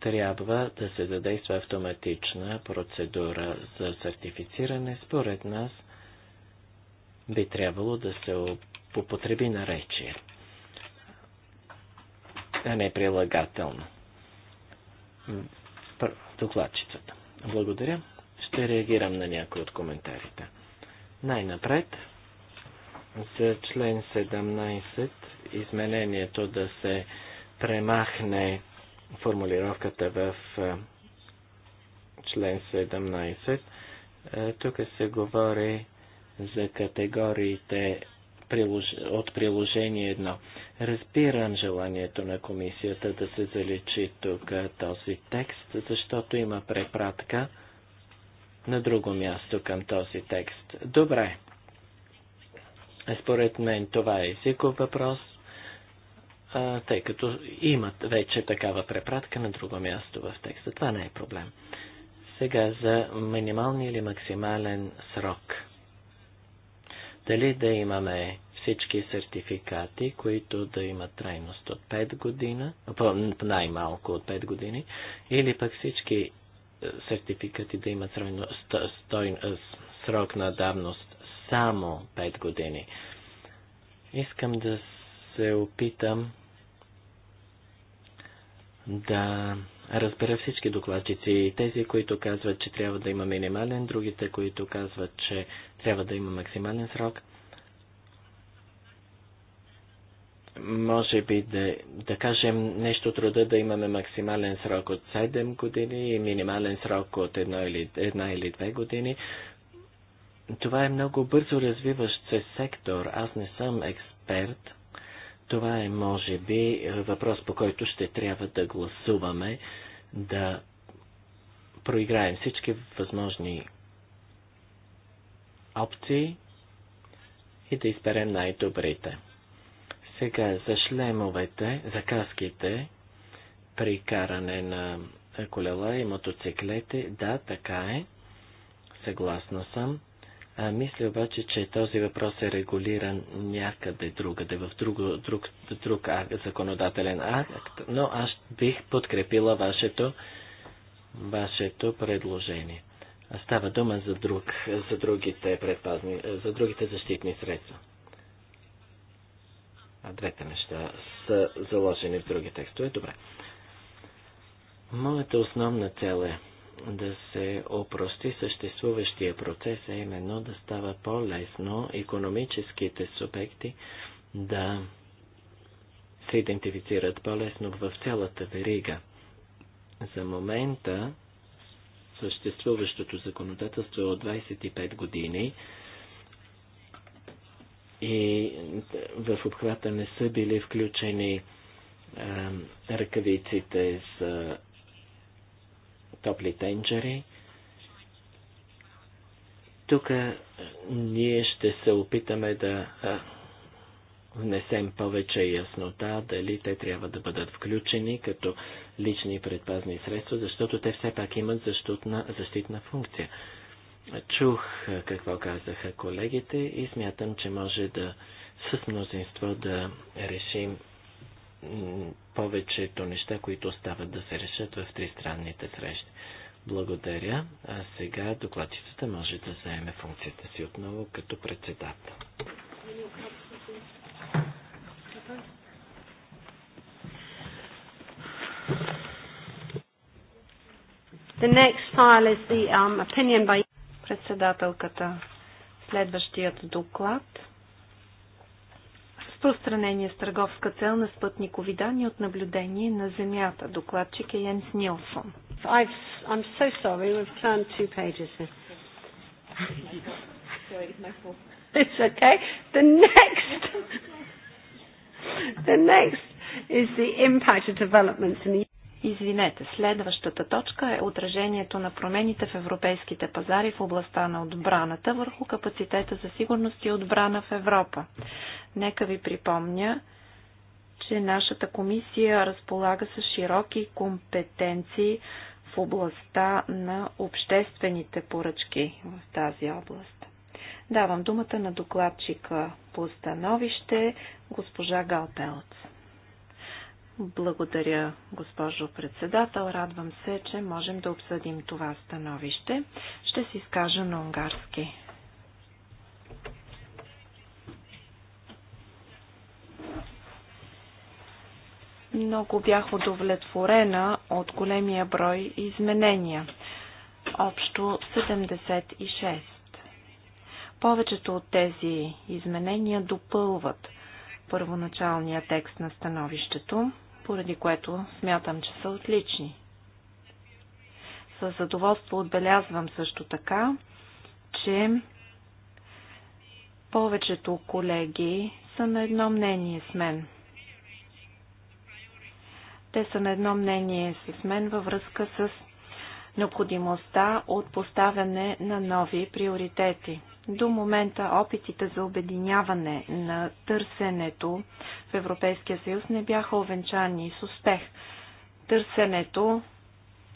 трябва да се задейства автоматична процедура за сертифициране. Според нас би трябвало да се употреби наречие, а не прилагателно. Докладчицата. Благодаря. Ще реагирам на някои от коментарите. Най-напред за член 17 изменението да се премахне формулировката в е, член 17. Е, тук се говори за категориите от приложение 1. Разбирам желанието на комисията да се заличи тук е, този текст, защото има препратка на друго място към този текст. Добре. Според мен това е езиков въпрос тъй като имат вече такава препратка на друго място в текста. Това не е проблем. Сега за минималния или максимален срок. Дали да имаме всички сертификати, които да имат трайност от 5 година, най-малко от 5 години, или пък всички е, сертификати да имат стой, е, срок на давност само 5 години. Искам да се опитам да разбера всички докладчици и тези, които казват, че трябва да има минимален, другите, които казват, че трябва да има максимален срок. Може би да, да кажем нещо труда да имаме максимален срок от 7 години и минимален срок от 1 или, 1 или 2 години. Това е много бързо развиващ се сектор. Аз не съм експерт това е, може би, въпрос, по който ще трябва да гласуваме, да проиграем всички възможни опции и да изберем най-добрите. Сега за шлемовете, за каските, при каране на колела и мотоциклети, да, така е. Съгласна съм. А, мисля обаче, че този въпрос е регулиран някъде другаде, в друг, друг, друг а, законодателен акт, но аз бих подкрепила вашето, вашето предложение. Става дума за, друг, за, другите, предпазни, за другите защитни средства. А двете неща са заложени в други текстове. Добре. Моята основна цел е да се опрости съществуващия процес, а именно да става по-лесно економическите субекти да се идентифицират по-лесно в цялата верига. За момента съществуващото законодателство е от 25 години и в обхвата не са били включени ръкавиците с топли тенджери. Тук ние ще се опитаме да внесем повече яснота дали те трябва да бъдат включени като лични предпазни средства, защото те все пак имат защитна, защитна функция. Чух какво казаха колегите и смятам, че може да с мнозинство да решим повечето неща, които остават да се решат в тристранните срещи. Благодаря. А сега докладчицата може да заеме функцията си отново като председател. The next file is the um, opinion by председателката. Следващият доклад разпространение с търговска цел на спътникови данни от наблюдение на Земята. Докладчик е Йенс Нилсон. I'm so sorry, we've turned two pages here. Sorry, it's my fault. It's okay. The next, the next is the impact of developments in the Извинете, следващата точка е отражението на промените в европейските пазари в областта на отбраната върху капацитета за сигурност и отбрана в Европа. Нека ви припомня, че нашата комисия разполага с широки компетенции в областта на обществените поръчки в тази област. Давам думата на докладчика по становище госпожа Галпелц. Благодаря, госпожо председател. Радвам се, че можем да обсъдим това становище. Ще се изкажа на унгарски. Много бях удовлетворена от големия брой изменения. Общо 76. Повечето от тези изменения допълват първоначалния текст на становището поради което смятам, че са отлични. Със задоволство отбелязвам също така, че повечето колеги са на едно мнение с мен. Те са на едно мнение с мен във връзка с необходимостта от поставяне на нови приоритети – до момента опитите за обединяване на търсенето в Европейския съюз не бяха овенчани с успех. Търсенето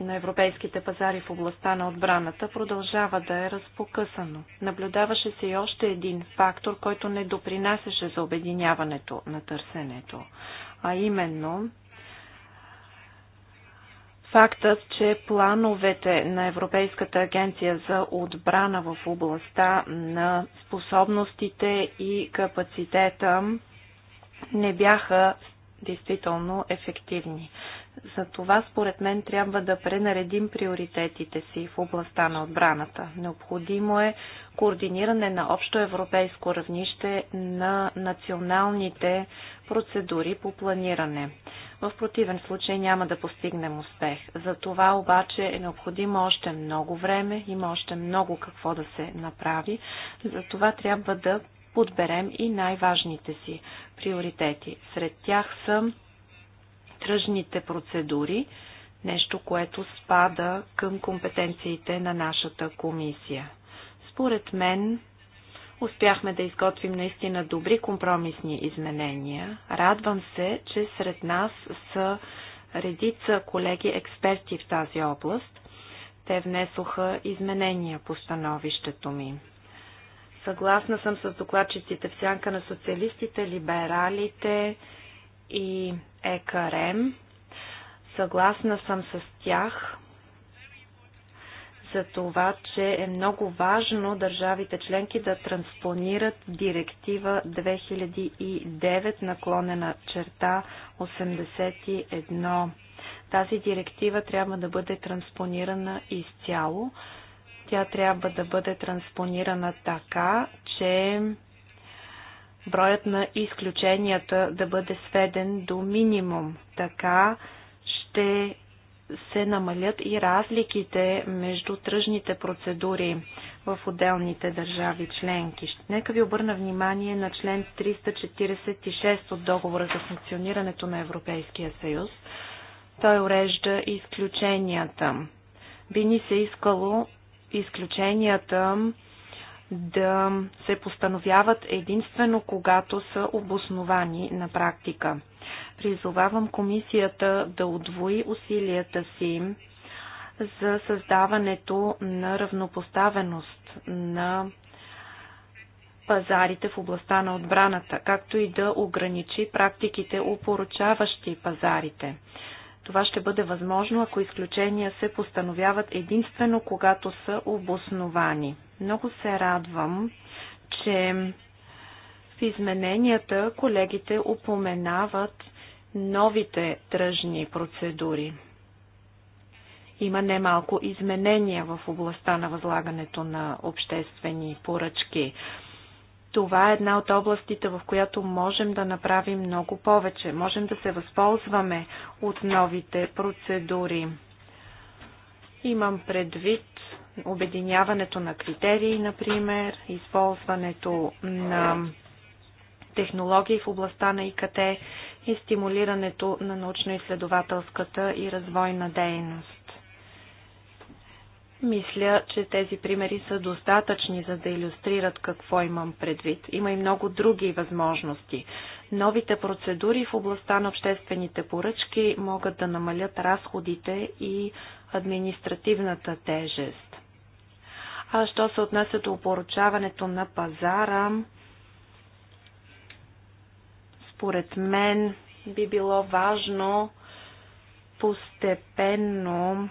на европейските пазари в областта на отбраната продължава да е разпокъсано. Наблюдаваше се и още един фактор, който не допринасяше за обединяването на търсенето, а именно Фактът, че плановете на Европейската агенция за отбрана в областта на способностите и капацитета не бяха действително ефективни. За това, според мен, трябва да пренаредим приоритетите си в областта на отбраната. Необходимо е координиране на общо европейско равнище на националните процедури по планиране. В противен случай няма да постигнем успех. За това обаче е необходимо още много време, има още много какво да се направи. За това трябва да подберем и най-важните си приоритети. Сред тях са тръжните процедури, нещо, което спада към компетенциите на нашата комисия. Според мен Успяхме да изготвим наистина добри компромисни изменения. Радвам се, че сред нас са редица колеги експерти в тази област. Те внесоха изменения по становището ми. Съгласна съм с докладчиците в сянка на социалистите, либералите и ЕКРМ. Съгласна съм с тях за това, че е много важно държавите членки да транспонират директива 2009 наклонена черта 81. Тази директива трябва да бъде транспонирана изцяло. Тя трябва да бъде транспонирана така, че броят на изключенията да бъде сведен до минимум. Така ще се намалят и разликите между тръжните процедури в отделните държави членки. Нека ви обърна внимание на член 346 от договора за функционирането на Европейския съюз. Той урежда изключенията. Би ни се искало изключенията да се постановяват единствено когато са обосновани на практика. Призовавам комисията да удвои усилията си за създаването на равнопоставеност на пазарите в областта на отбраната, както и да ограничи практиките, упоручаващи пазарите. Това ще бъде възможно, ако изключения се постановяват единствено, когато са обосновани. Много се радвам, че в измененията колегите упоменават новите тръжни процедури. Има немалко изменения в областта на възлагането на обществени поръчки. Това е една от областите, в която можем да направим много повече. Можем да се възползваме от новите процедури. Имам предвид обединяването на критерии, например, използването на технологии в областта на ИКТ и стимулирането на научно-изследователската и развойна дейност. Мисля, че тези примери са достатъчни, за да иллюстрират какво имам предвид. Има и много други възможности. Новите процедури в областта на обществените поръчки могат да намалят разходите и административната тежест. А що се отнася до опоручаването на пазара, според мен би било важно постепенно,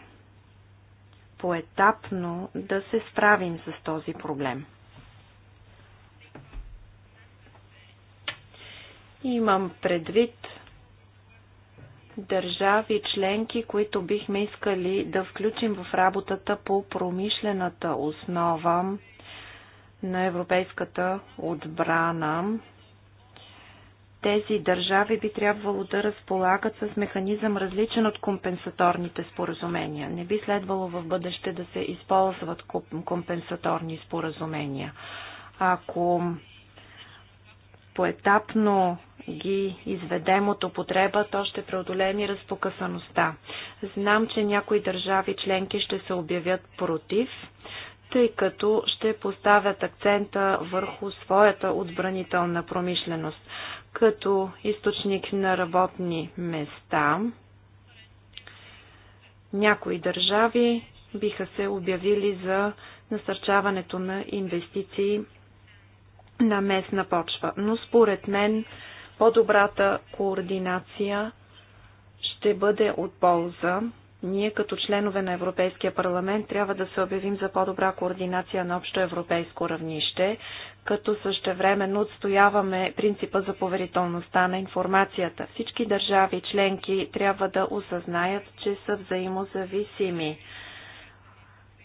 поетапно да се справим с този проблем. Имам предвид държави членки, които бихме искали да включим в работата по промишлената основа на европейската отбрана. Тези държави би трябвало да разполагат с механизъм различен от компенсаторните споразумения. Не би следвало в бъдеще да се използват компенсаторни споразумения. Ако поетапно ги изведем от употреба, то ще преодолеем и разпокъсаността. Знам, че някои държави членки ще се обявят против, тъй като ще поставят акцента върху своята отбранителна промишленост като източник на работни места. Някои държави биха се обявили за насърчаването на инвестиции на местна почва. Но според мен по-добрата координация ще бъде от полза. Ние като членове на Европейския парламент трябва да се обявим за по-добра координация на общо европейско равнище, като същевременно отстояваме принципа за поверителността на информацията. Всички държави членки трябва да осъзнаят, че са взаимозависими.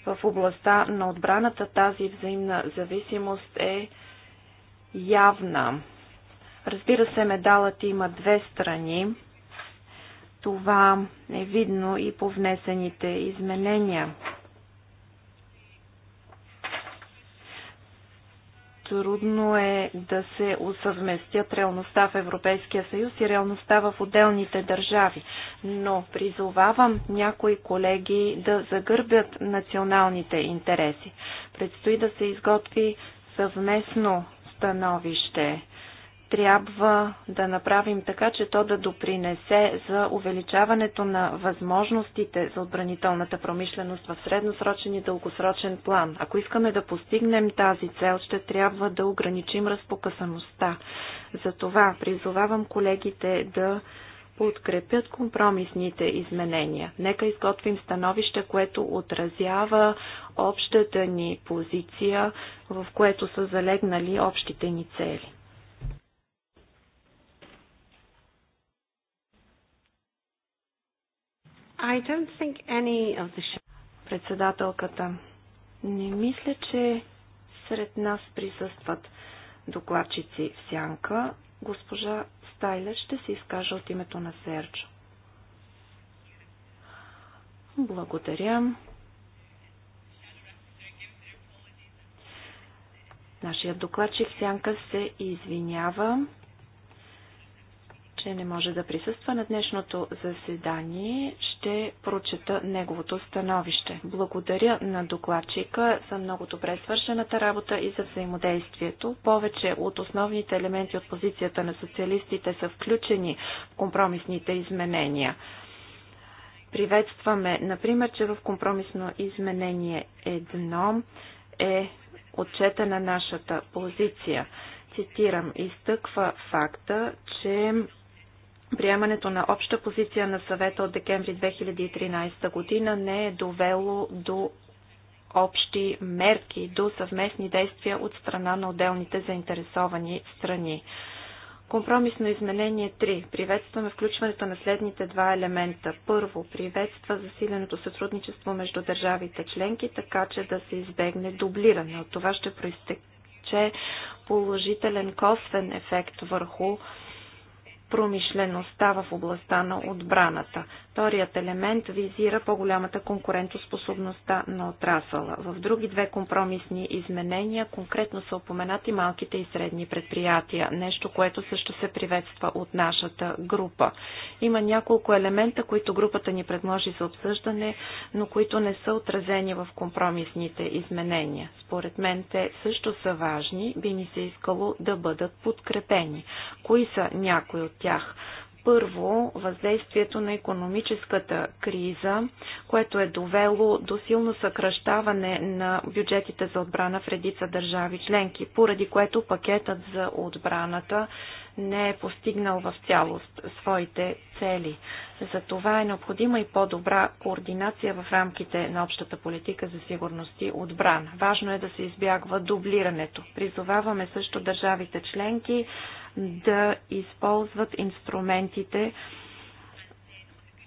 В областта на отбраната тази взаимна зависимост е явна. Разбира се, медалът има две страни. Това е видно и по внесените изменения. трудно е да се усъвместят реалността в Европейския съюз и реалността в отделните държави. Но призовавам някои колеги да загърбят националните интереси. Предстои да се изготви съвместно становище. Трябва да направим така, че то да допринесе за увеличаването на възможностите за отбранителната промишленост в средносрочен и дългосрочен план. Ако искаме да постигнем тази цел, ще трябва да ограничим разпокъсаността. Затова призовавам колегите да подкрепят компромисните изменения. Нека изготвим становище, което отразява общата ни позиция, в което са залегнали общите ни цели. I don't think any of the... Председателката. Не мисля, че сред нас присъстват докладчици в сянка. Госпожа Тайле ще се изкаже от името на Серджо. Благодаря. Нашият докладчик Сянка се извинява, че не може да присъства на днешното заседание. Ще прочета неговото становище. Благодаря на докладчика за много добре свършената работа и за взаимодействието. Повече от основните елементи от позицията на социалистите са включени в компромисните изменения. Приветстваме, например, че в компромисно изменение едно е отчетена нашата позиция цитирам, изтъква факта, че приемането на обща позиция на съвета от декември 2013 година не е довело до общи мерки, до съвместни действия от страна на отделните заинтересовани страни. Компромисно изменение 3. Приветстваме включването на следните два елемента. Първо, приветства засиленото сътрудничество между държавите членки, така че да се избегне дублиране. От това ще проистече положителен косвен ефект върху промишлеността в областта на отбраната. Вторият елемент визира по-голямата конкурентоспособността на отрасъла. В други две компромисни изменения конкретно са упоменати малките и средни предприятия, нещо, което също се приветства от нашата група. Има няколко елемента, които групата ни предложи за обсъждане, но които не са отразени в компромисните изменения. Според мен те също са важни, би ни се искало да бъдат подкрепени. Кои са някои от тях? Първо, въздействието на економическата криза, което е довело до силно съкръщаване на бюджетите за отбрана в редица държави членки, поради което пакетът за отбраната не е постигнал в цялост своите цели. За това е необходима и по-добра координация в рамките на общата политика за сигурност и отбрана. Важно е да се избягва дублирането. Призоваваме също държавите членки да използват инструментите,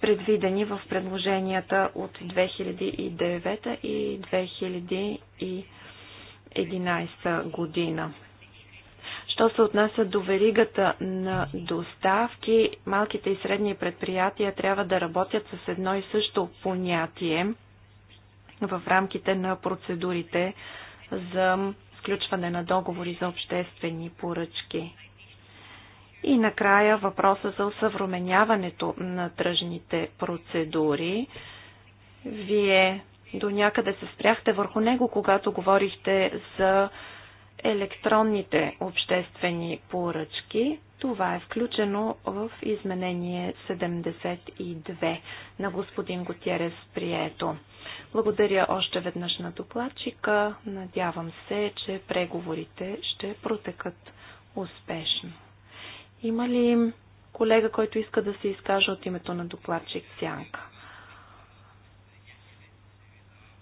предвидени в предложенията от 2009 и 2011 година. Що се отнася до веригата на доставки, малките и средни предприятия трябва да работят с едно и също понятие в рамките на процедурите за сключване на договори за обществени поръчки. И накрая въпроса за усъвременяването на тръжните процедури. Вие до някъде се спряхте върху него, когато говорихте за електронните обществени поръчки. Това е включено в изменение 72 на господин Готерес Прието. Благодаря още веднъж на докладчика. Надявам се, че преговорите ще протекат успешно. Има ли колега, който иска да се изкаже от името на докладчик Сянка?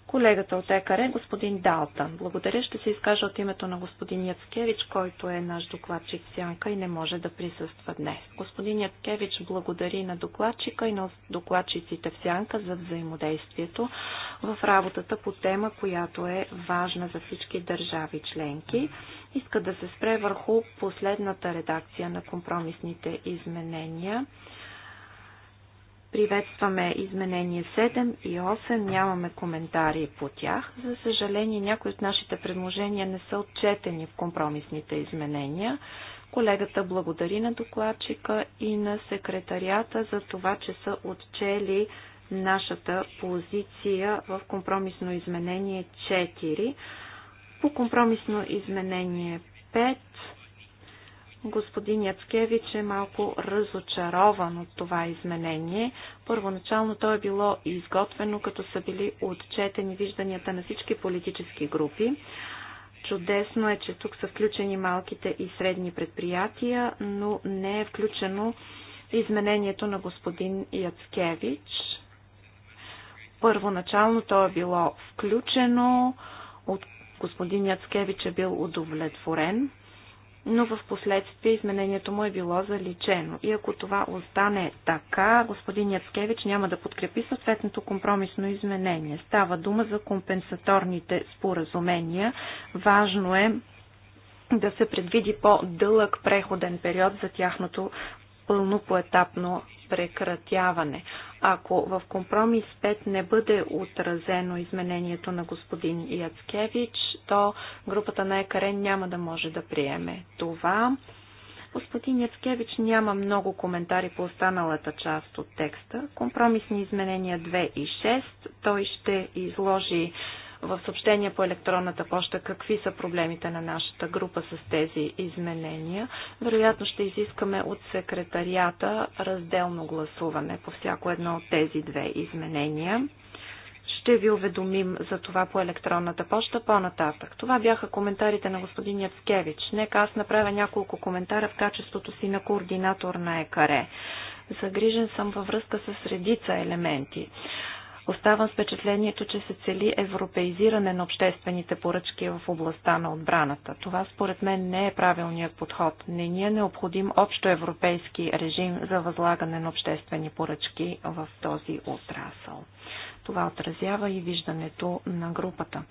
колегата от ЕКАРЕ, господин Далтан. Благодаря. Ще се изкажа от името на господин Яцкевич, който е наш докладчик Сянка и не може да присъства днес. Господин Яцкевич благодари на докладчика и на докладчиците в Сянка за взаимодействието в работата по тема, която е важна за всички държави членки. Иска да се спре върху последната редакция на компромисните изменения – Приветстваме изменение 7 и 8, нямаме коментари по тях. За съжаление, някои от нашите предложения не са отчетени в компромисните изменения. Колегата благодари на докладчика и на секретарията за това, че са отчели нашата позиция в компромисно изменение 4. По компромисно изменение 5 господин Яцкевич е малко разочарован от това изменение. Първоначално то е било изготвено, като са били отчетени вижданията на всички политически групи. Чудесно е, че тук са включени малките и средни предприятия, но не е включено изменението на господин Яцкевич. Първоначално то е било включено, от господин Яцкевич е бил удовлетворен но в последствие изменението му е било заличено. И ако това остане така, господин Яцкевич няма да подкрепи съответното компромисно изменение. Става дума за компенсаторните споразумения. Важно е да се предвиди по-дълъг преходен период за тяхното пълно поетапно прекратяване. Ако в компромис 5 не бъде отразено изменението на господин Яцкевич, то групата на Екарен няма да може да приеме това. Господин Яцкевич няма много коментари по останалата част от текста. Компромисни изменения 2 и 6. Той ще изложи в съобщение по електронната поща какви са проблемите на нашата група с тези изменения. Вероятно ще изискаме от секретарията разделно гласуване по всяко едно от тези две изменения. Ще ви уведомим за това по електронната поща по-нататък. Това бяха коментарите на господин Яцкевич. Нека аз направя няколко коментара в качеството си на координатор на ЕКАРЕ. Загрижен съм във връзка с редица елементи Оставам с впечатлението, че се цели европеизиране на обществените поръчки в областта на отбраната. Това според мен не е правилният подход. Не ни е необходим общо европейски режим за възлагане на обществени поръчки в този отрасъл. Това отразява и виждането на групата.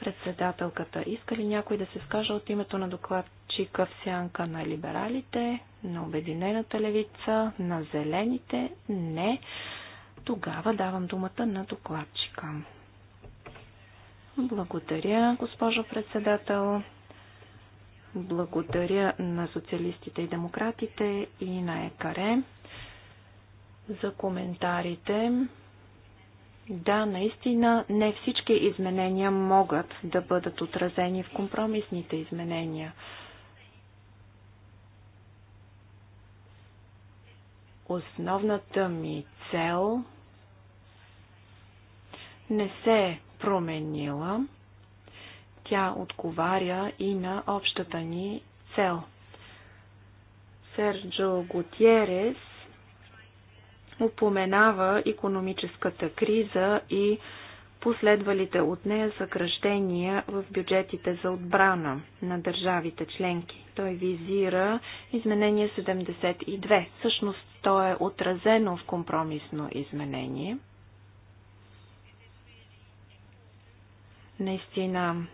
Председателката, иска ли някой да се скаже от името на докладчика в сянка на либералите, на Обединената левица, на зелените? Не. Тогава давам думата на докладчика. Благодаря, госпожо председател. Благодаря на социалистите и демократите и на ЕКАРЕ за коментарите. Да, наистина не всички изменения могат да бъдат отразени в компромисните изменения. Основната ми цел не се е променила. Тя отговаря и на общата ни цел. Серджо Готиерес упоменава економическата криза и последвалите от нея съкръщения в бюджетите за отбрана на държавите членки. Той визира изменение 72. Всъщност то е отразено в компромисно изменение – Наистина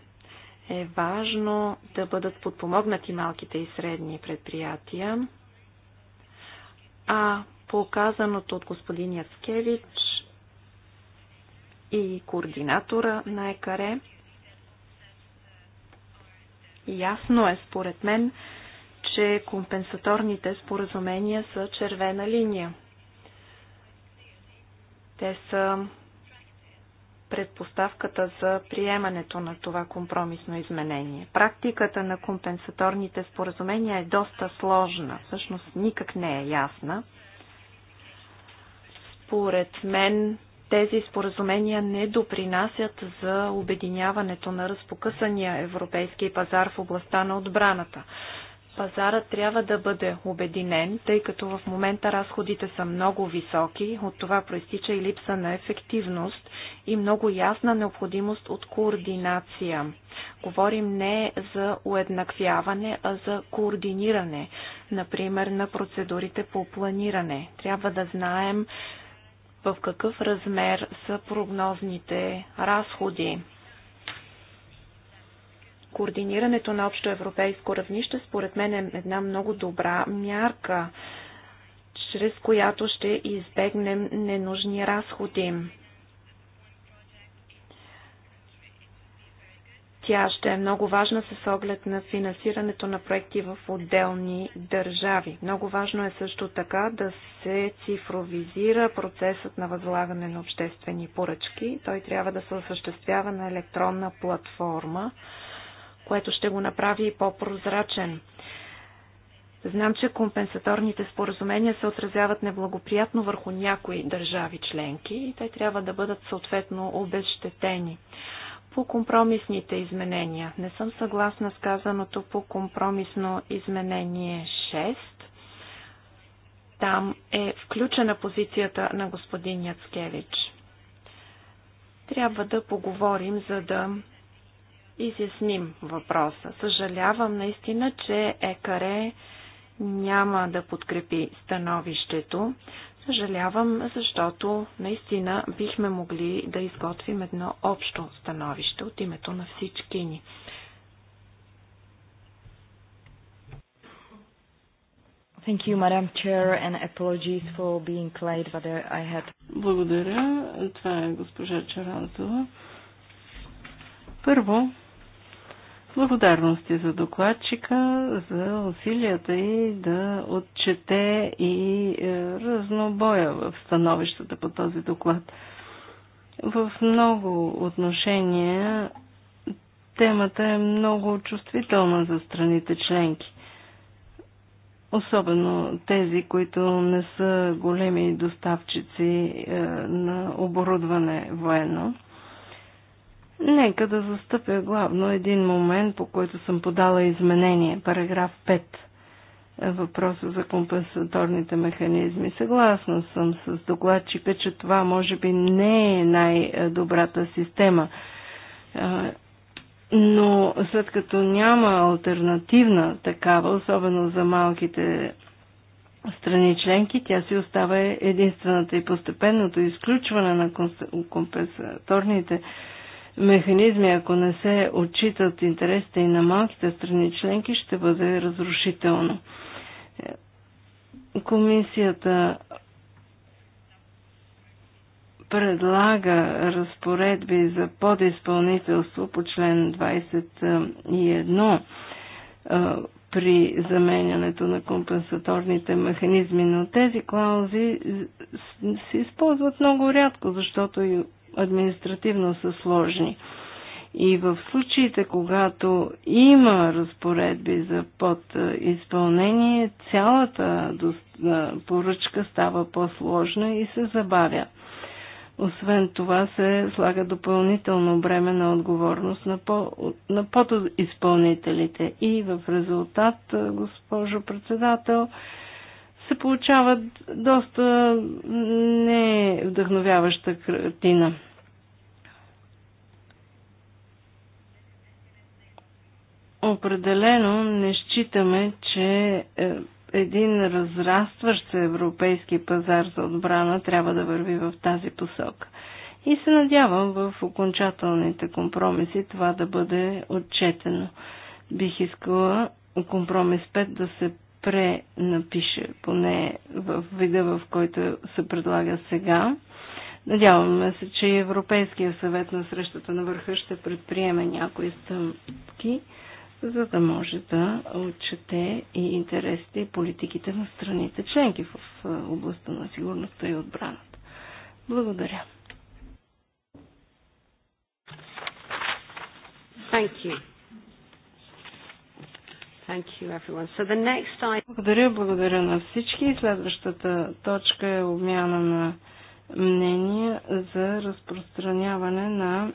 е важно да бъдат подпомогнати малките и средни предприятия. А показаното от господин Яцкевич и координатора на ЕКАРЕ, ясно е според мен, че компенсаторните споразумения са червена линия. Те са предпоставката за приемането на това компромисно изменение. Практиката на компенсаторните споразумения е доста сложна, всъщност никак не е ясна. Според мен тези споразумения не допринасят за обединяването на разпокъсания европейски пазар в областта на отбраната. Пазарът трябва да бъде обединен, тъй като в момента разходите са много високи, от това проистича и липса на ефективност и много ясна необходимост от координация. Говорим не за уеднаквяване, а за координиране, например на процедурите по планиране. Трябва да знаем в какъв размер са прогнозните разходи Координирането на общо европейско равнище според мен е една много добра мярка, чрез която ще избегнем ненужни разходи. Тя ще е много важна с оглед на финансирането на проекти в отделни държави. Много важно е също така да се цифровизира процесът на възлагане на обществени поръчки. Той трябва да се осъществява на електронна платформа което ще го направи и по-прозрачен. Знам, че компенсаторните споразумения се отразяват неблагоприятно върху някои държави членки и те трябва да бъдат съответно обещетени. По компромисните изменения. Не съм съгласна с казаното по компромисно изменение 6. Там е включена позицията на господин Яцкевич. Трябва да поговорим, за да изясним въпроса. Съжалявам наистина, че ЕКАРЕ няма да подкрепи становището. Съжалявам, защото наистина бихме могли да изготвим едно общо становище от името на всички ни. Thank you, Madam Chair, and apologies for being late, but uh, I had... Благодаря. Това е госпожа Чаранцова. Първо, Благодарности за докладчика, за усилията и да отчете и е, разнобоя в становищата по този доклад. В много отношения темата е много чувствителна за страните членки. Особено тези, които не са големи доставчици е, на оборудване военно. Нека да застъпя главно един момент, по който съм подала изменение. Параграф 5. Въпроса за компенсаторните механизми. Съгласна съм с докладчика, че това може би не е най-добрата система. Но след като няма альтернативна такава, особено за малките страни членки, тя си остава единствената и постепенното изключване на компенсаторните механизми механизми, ако не се отчитат интересите и на малките страни членки, ще бъде разрушително. Комисията предлага разпоредби за подизпълнителство по член 21 при заменянето на компенсаторните механизми, но тези клаузи се използват много рядко, защото административно са сложни. И в случаите, когато има разпоредби за подизпълнение, цялата поръчка става по-сложна и се забавя. Освен това се слага допълнително бреме на отговорност на, по, на подизпълнителите. И в резултат, госпожо председател, се получава доста не вдъхновяваща картина. Определено не считаме, че е, един разрастващ се европейски пазар за отбрана трябва да върви в тази посока. И се надявам в окончателните компромиси това да бъде отчетено. Бих искала компромис 5 да се пренапише, поне в вида, в който се предлага сега. Надяваме се, че Европейския съвет на срещата на върха ще предприеме някои стъпки, за да може да отчете и интересите и политиките на страните членки в областта на сигурността и отбраната. Благодаря. Thank you. Next... Благодаря, благодаря на всички. Следващата точка е обмяна на мнение за разпространяване на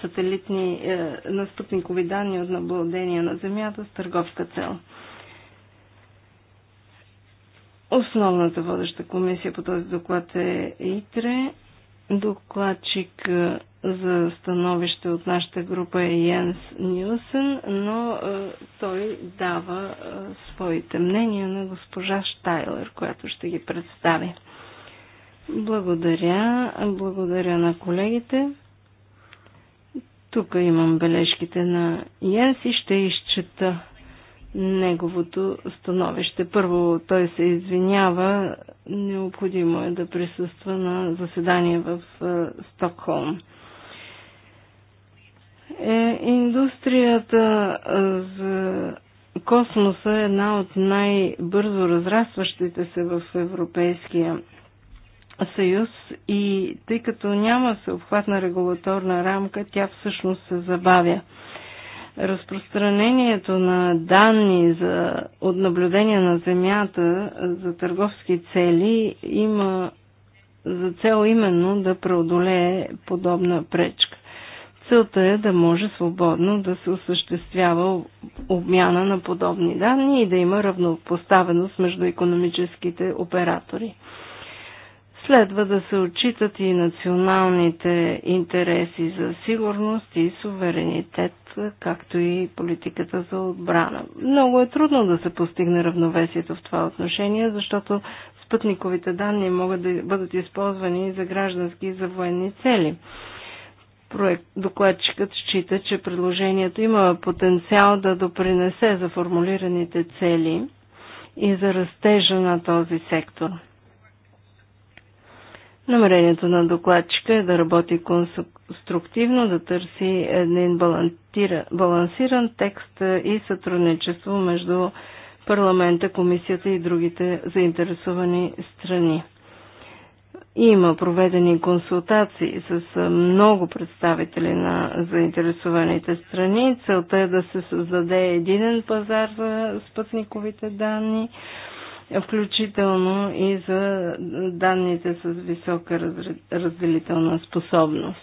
сателитни е, настъпникови данни от наблюдение на Земята с търговска цел. Основната водеща комисия по този доклад е ИТРЕ. Докладчик е, за становище от нашата група е Йенс Нюсен, но е, той дава е, своите мнения на госпожа Штайлер, която ще ги представи. Благодаря. Благодаря на колегите. Тук имам бележките на Йенс и ще изчета неговото становище. Първо, той се извинява. Необходимо е да присъства на заседание в е, Стокхолм. Е, индустрията за космоса е една от най-бързо разрастващите се в Европейския съюз и тъй като няма съобхватна регулаторна рамка, тя всъщност се забавя. Разпространението на данни за, от наблюдение на Земята за търговски цели има за цел именно да преодолее подобна пречка. Целта е да може свободно да се осъществява обмяна на подобни данни и да има равнопоставеност между економическите оператори. Следва да се отчитат и националните интереси за сигурност и суверенитет, както и политиката за отбрана. Много е трудно да се постигне равновесието в това отношение, защото спътниковите данни могат да бъдат използвани за граждански и за военни цели проект, докладчикът счита, че предложението има потенциал да допринесе за формулираните цели и за растежа на този сектор. Намерението на докладчика е да работи конструктивно, да търси един балансиран текст и сътрудничество между парламента, комисията и другите заинтересовани страни. Има проведени консултации с много представители на заинтересованите страни. Целта е да се създаде единен пазар за спътниковите данни, включително и за данните с висока разделителна способност.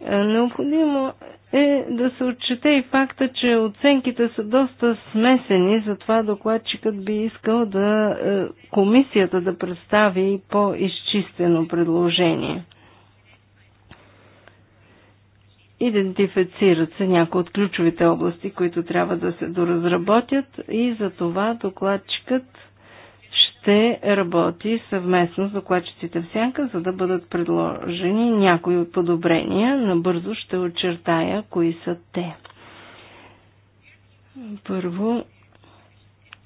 Е, необходимо е да се отчете и факта, че оценките са доста смесени, затова докладчикът би искал да е, комисията да представи по-изчистено предложение. Идентифицират се някои от ключовите области, които трябва да се доразработят и за това докладчикът ще работи съвместно с докладчиците в сянка, за да бъдат предложени някои подобрения. Набързо ще очертая кои са те. Първо,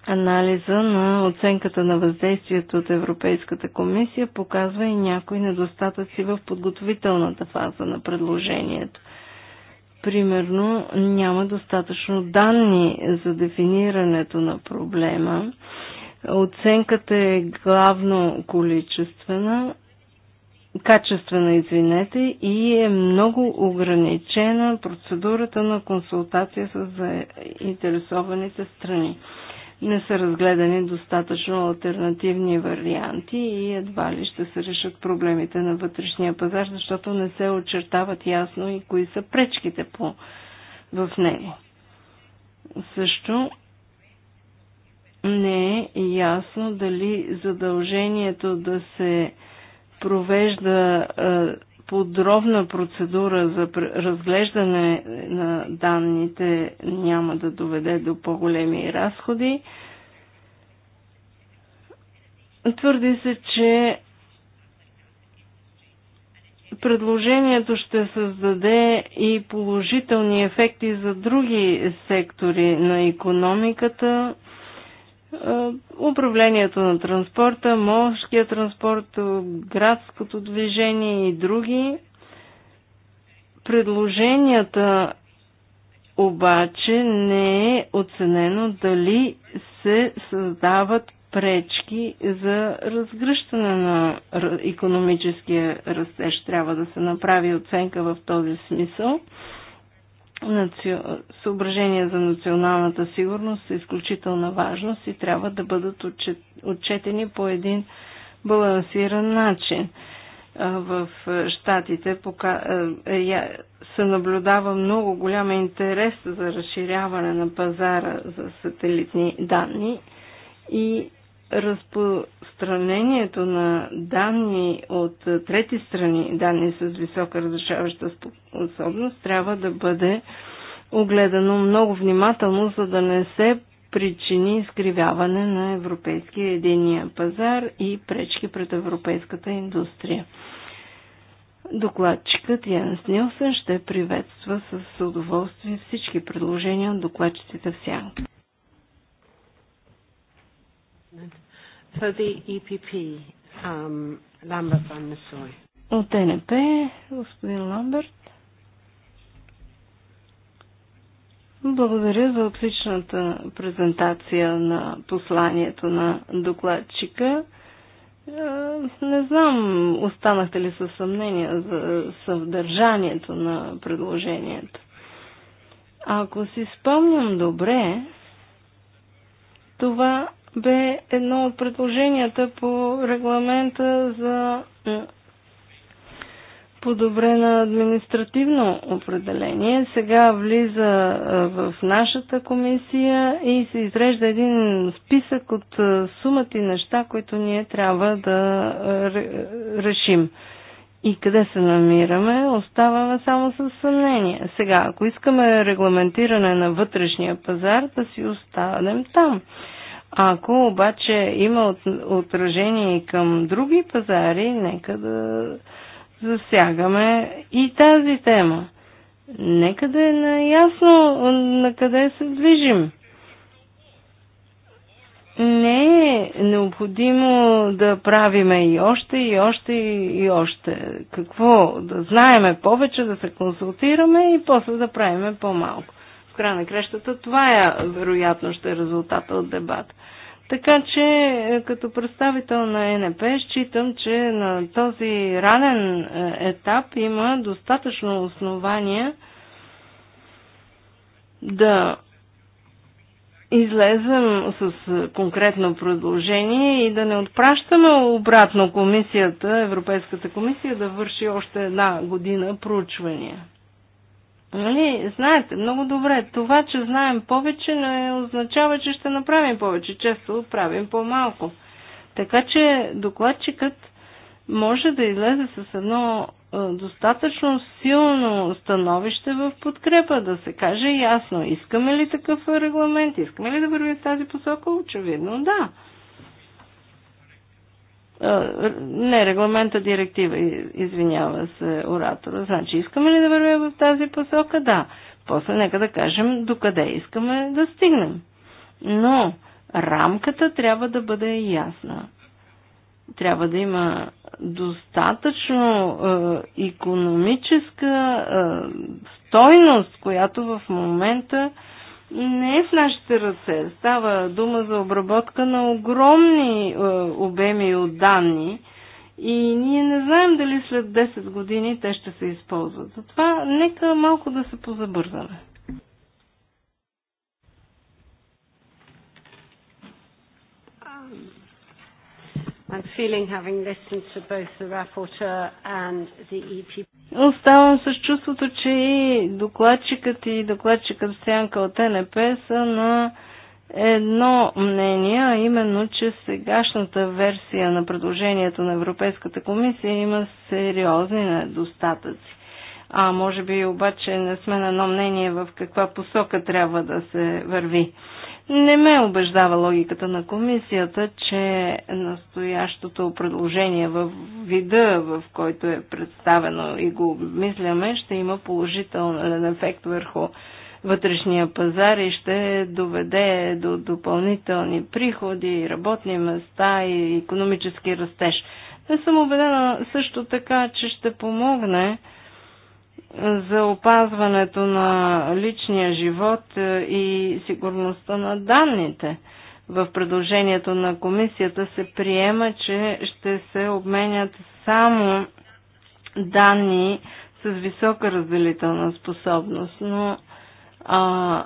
анализа на оценката на въздействието от Европейската комисия показва и някои недостатъци в подготовителната фаза на предложението. Примерно, няма достатъчно данни за дефинирането на проблема Оценката е главно количествена, качествена, извинете, и е много ограничена процедурата на консултация с заинтересованите страни. Не са разгледани достатъчно альтернативни варианти и едва ли ще се решат проблемите на вътрешния пазар, защото не се очертават ясно и кои са пречките по, в него. Също не е ясно дали задължението да се провежда подробна процедура за разглеждане на данните няма да доведе до по-големи разходи. Твърди се, че предложението ще създаде и положителни ефекти за други сектори на економиката, е, управлението на транспорта, морския транспорт, градското движение и други. Предложенията обаче не е оценено дали се създават пречки за разгръщане на економическия растеж. Трябва да се направи оценка в този смисъл съображения за националната сигурност са изключителна важност и трябва да бъдат отчетени по един балансиран начин. В Штатите се наблюдава много голям интерес за разширяване на пазара за сателитни данни и разпространението на данни от трети страни, данни с висока разрешаваща способност, трябва да бъде огледано много внимателно, за да не се причини изкривяване на европейския единия пазар и пречки пред европейската индустрия. Докладчикът Янс Нилсен ще приветства с удоволствие всички предложения от докладчиците в сянка. For the EPP, um, Lambert van Nistelrooy. От ДНП, господин Ламберт. Благодаря за отличната презентация на посланието на докладчика. Е, не знам, останахте ли със съмнение за съдържанието на предложението. Ако си спомням добре, това бе едно от предложенията по регламента за подобрена административно определение. Сега влиза в нашата комисия и се изрежда един списък от сумати неща, които ние трябва да решим. И къде се намираме, оставаме само със съмнение. Сега, ако искаме регламентиране на вътрешния пазар, да си останем там. Ако обаче има отражение и към други пазари, нека да засягаме и тази тема. Нека да е наясно на къде се движим. Не е необходимо да правиме и още, и още, и още. Какво? Да знаеме повече, да се консултираме и после да правиме по-малко. В края на кращата това е, вероятно ще е резултата от дебата. Така че, е, като представител на НП, считам, че на този ранен е, етап има достатъчно основания да излезем с конкретно предложение и да не отпращаме обратно комисията, Европейската комисия, да върши още една година проучвания. Нали, знаете много добре, това, че знаем повече, не означава, че ще направим повече. Често правим по-малко. Така че докладчикът може да излезе с едно е, достатъчно силно становище в подкрепа, да се каже ясно, искаме ли такъв регламент, искаме ли да вървим в тази посока, очевидно да не регламента, директива, извинява се оратора. Значи, искаме ли да вървим в тази посока? Да. После нека да кажем докъде искаме да стигнем. Но рамката трябва да бъде ясна. Трябва да има достатъчно е, економическа е, стойност, която в момента е, не е в нашите ръце. Става дума за обработка на огромни е, обеми от данни и ние не знаем дали след 10 години те ще се използват. Затова нека малко да се позабързаме. I'm feeling having listened to both the rapporteur and the EP. Оставам с чувството, че и докладчикът и докладчикът Сянка от НП са на едно мнение, а именно, че сегашната версия на предложението на Европейската комисия има сериозни недостатъци. А може би обаче не сме на едно мнение в каква посока трябва да се върви. Не ме убеждава логиката на комисията, че настоящото предложение в вида, в който е представено и го обмисляме, ще има положителен ефект върху вътрешния пазар и ще доведе до допълнителни приходи, работни места и економически растеж. Не съм убедена също така, че ще помогне за опазването на личния живот е, и сигурността на данните. В предложението на комисията се приема, че ще се обменят само данни с висока разделителна способност, но а,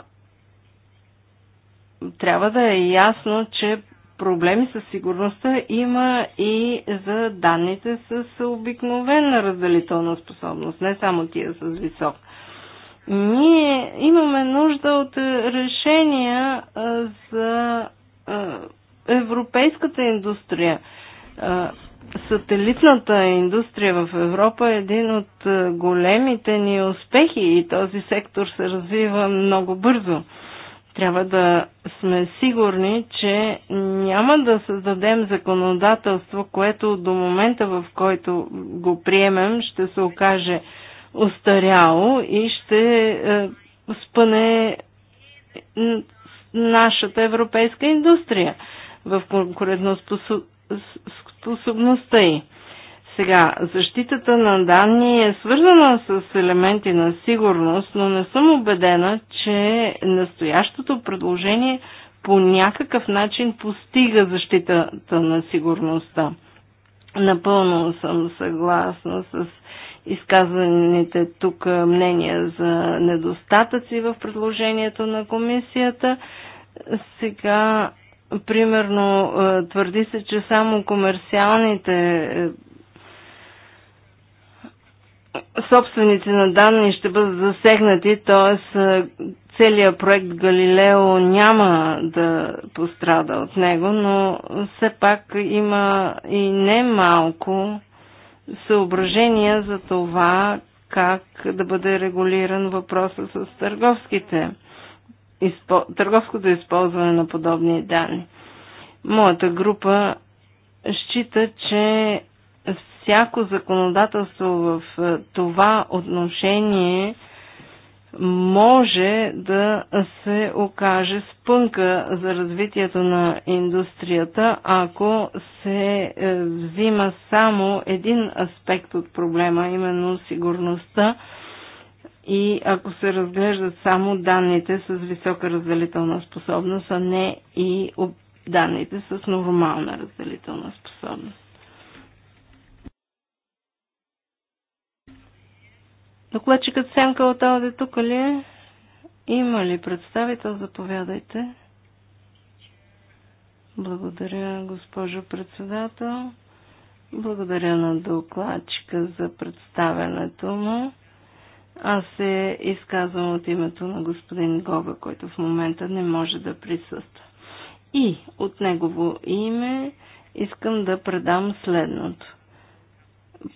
трябва да е ясно, че проблеми със сигурността има и за данните с обикновена разделителна способност, не само тия с висок. Ние имаме нужда от решения за европейската индустрия. Сателитната индустрия в Европа е един от големите ни успехи и този сектор се развива много бързо. Трябва да сме сигурни, че няма да създадем законодателство, което до момента, в който го приемем, ще се окаже устаряло и ще е, спъне нашата европейска индустрия в конкурентоспособността й. Сега, защитата на данни е свързана с елементи на сигурност, но не съм убедена, че настоящото предложение по някакъв начин постига защитата на сигурността. Напълно съм съгласна с изказаните тук мнения за недостатъци в предложението на комисията. Сега, примерно, е, твърди се, че само комерциалните е, собственици на данни ще бъдат засегнати, т.е. целият проект Галилео няма да пострада от него, но все пак има и немалко съображения за това как да бъде регулиран въпроса с търговските, търговското използване на подобни данни. Моята група счита, че всяко законодателство в е, това отношение може да се окаже спънка за развитието на индустрията, ако се е, взима само един аспект от проблема, именно сигурността и ако се разглеждат само данните с висока разделителна способност, а не и данните с нормална разделителна способност. Докладчикът Сянка от Ауде тук ли е? Има ли представител? Заповядайте. Благодаря, госпожо председател. Благодаря на докладчика за представенето му. Аз се изказвам от името на господин Гога, който в момента не може да присъства. И от негово име искам да предам следното.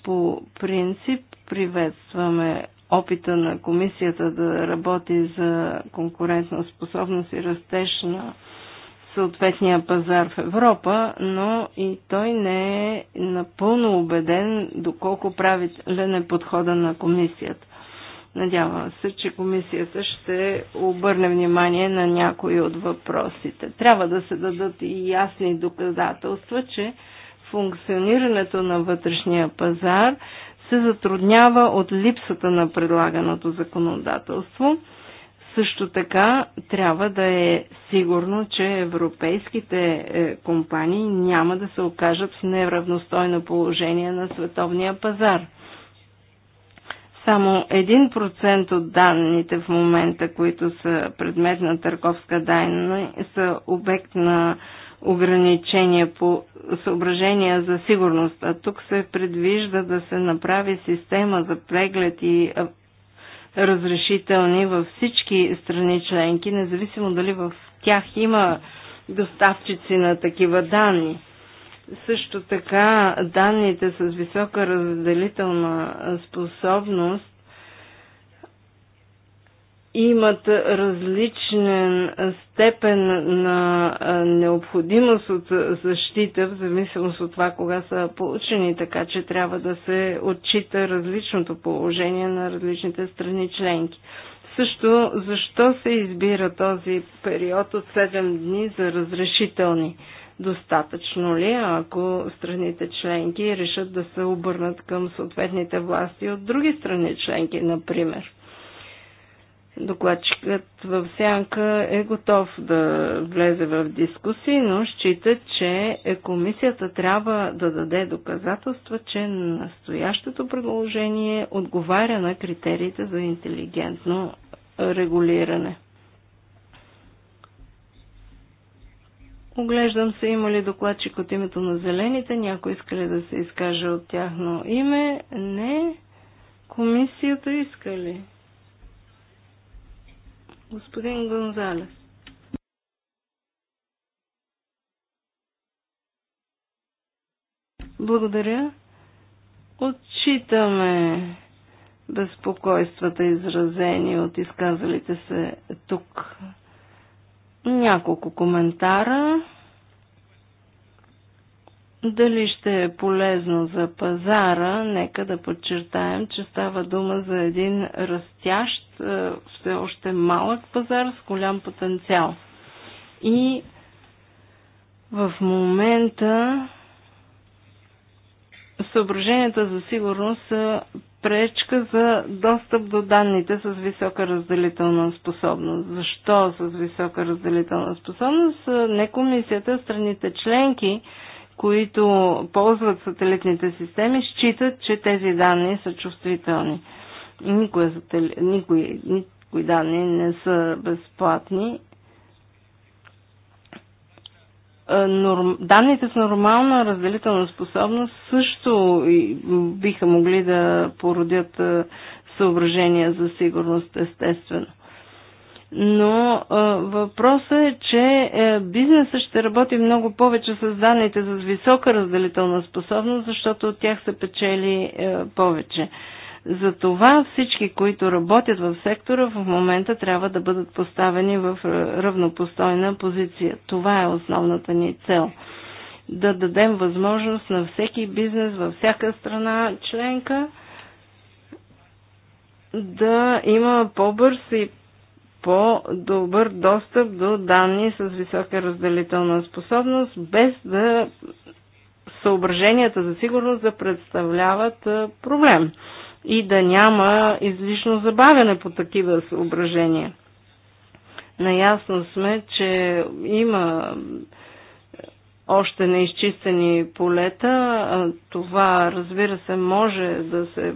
По принцип приветстваме опита на комисията да работи за конкурентна способност и растеж на съответния пазар в Европа, но и той не е напълно убеден доколко правилен е подхода на комисията. Надявам се, че комисията ще обърне внимание на някои от въпросите. Трябва да се дадат и ясни доказателства, че функционирането на вътрешния пазар се затруднява от липсата на предлаганото законодателство. Също така трябва да е сигурно, че европейските е, компании няма да се окажат в неравностойно положение на световния пазар. Само 1% от данните в момента, които са предмет на търговска дайна, са обект на ограничения по съображения за сигурност. А тук се предвижда да се направи система за преглед и разрешителни във всички страни членки, независимо дали в тях има доставчици на такива данни. Също така данните с висока разделителна способност имат различен степен на необходимост от защита, в зависимост от това кога са получени, така че трябва да се отчита различното положение на различните страни членки. Също, защо се избира този период от 7 дни за разрешителни? Достатъчно ли, е, ако страните членки решат да се обърнат към съответните власти от други страни членки, например? Докладчикът в сянка е готов да влезе в дискусии, но счита, че е комисията трябва да даде доказателства, че настоящото предложение отговаря на критериите за интелигентно регулиране. Оглеждам се има ли докладчик от името на зелените, някой иска ли да се изкаже от тяхно име? Не. Комисията иска ли? Господин Гонзалес. Благодаря. Отчитаме безпокойствата, изразени от изказалите се тук. Няколко коментара. Дали ще е полезно за пазара, нека да подчертаем, че става дума за един растящ, е, все още малък пазар с голям потенциал. И в момента съображенията за сигурност са пречка за достъп до данните с висока разделителна способност. Защо с висока разделителна способност? Е, не комисията, страните членки, които ползват сателитните системи, считат, че тези данни са чувствителни. Никой, никой, никой данни не са безплатни. Е, норм... Данните с нормална разделителна способност също биха могли да породят е, съображения за сигурност, естествено но а, въпросът е, че а, е, бизнесът ще работи много повече с данните с висока разделителна способност, защото от тях се печели а, е, повече. Затова всички, които работят в сектора, в момента трябва да бъдат поставени в е, равнопостойна позиция. Това е основната ни цел. Да дадем възможност на всеки бизнес във всяка страна членка да има по-бърз и по-добър достъп до данни с висока разделителна способност, без да съображенията за сигурност да представляват проблем и да няма излишно забавяне по такива съображения. Наясно сме, че има още неизчистени полета. Това, разбира се, може да се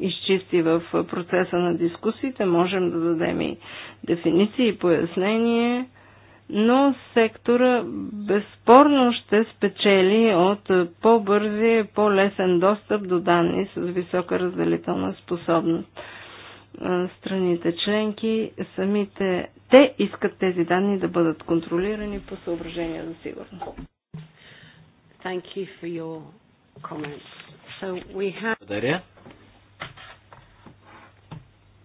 изчисти в процеса на дискусиите. Можем да дадем и дефиниции и пояснение, но сектора безспорно ще спечели от по-бързи, по-лесен достъп до данни с висока разделителна способност страните членки, самите те искат тези данни да бъдат контролирани по съображения за сигурност. Thank you for your comments. So we have... Благодаря.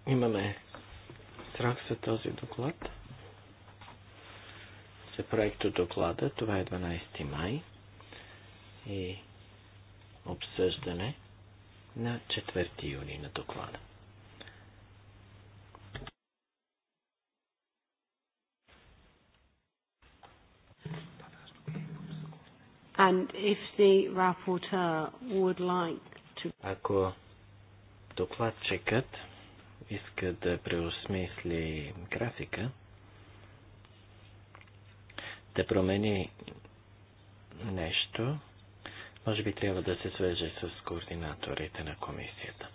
Имаме страх за този доклад. За проекто доклада, това е 12 май и обсъждане на 4 юни на доклада. And if the rapporteur would like to... Ако докладчикът иска да преосмисли графика, да промени нещо, може би трябва да се свеже с координаторите на комисията.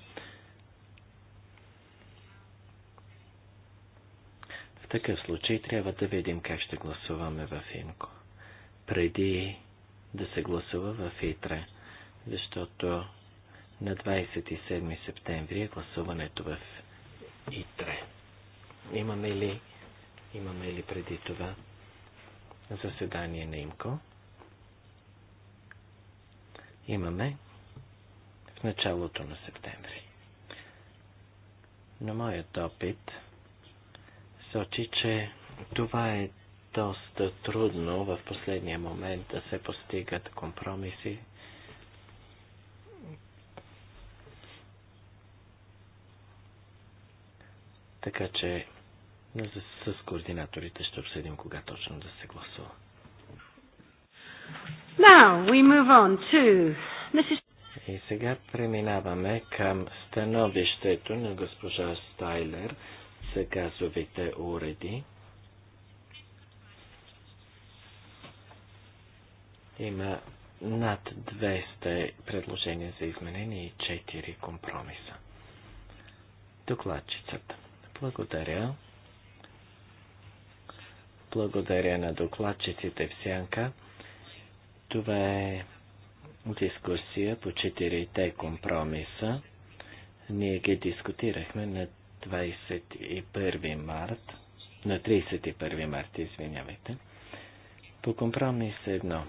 В такъв случай трябва да видим как ще гласуваме в Инко. Преди да се гласува в ИТРЕ, защото на 27 септември е гласуването в и тре. Имаме ли, имаме ли преди това заседание на ИМКО? Имаме в началото на септември. Но моят опит сочи, че това е доста трудно в последния момент да се постигат компромиси Така че с координаторите ще обсъдим кога точно да се гласува. Now we move on to И сега преминаваме към становището на госпожа Стайлер за газовите уреди. Има над 200 предложения за изменение и 4 компромиса. Докладчицата. Благодаря. Благодаря на докладчиците в Сянка. Това е дискусия по четирите компромиса. Ние ги дискутирахме на 21 март, на 31 март, извинявайте. По компромис едно.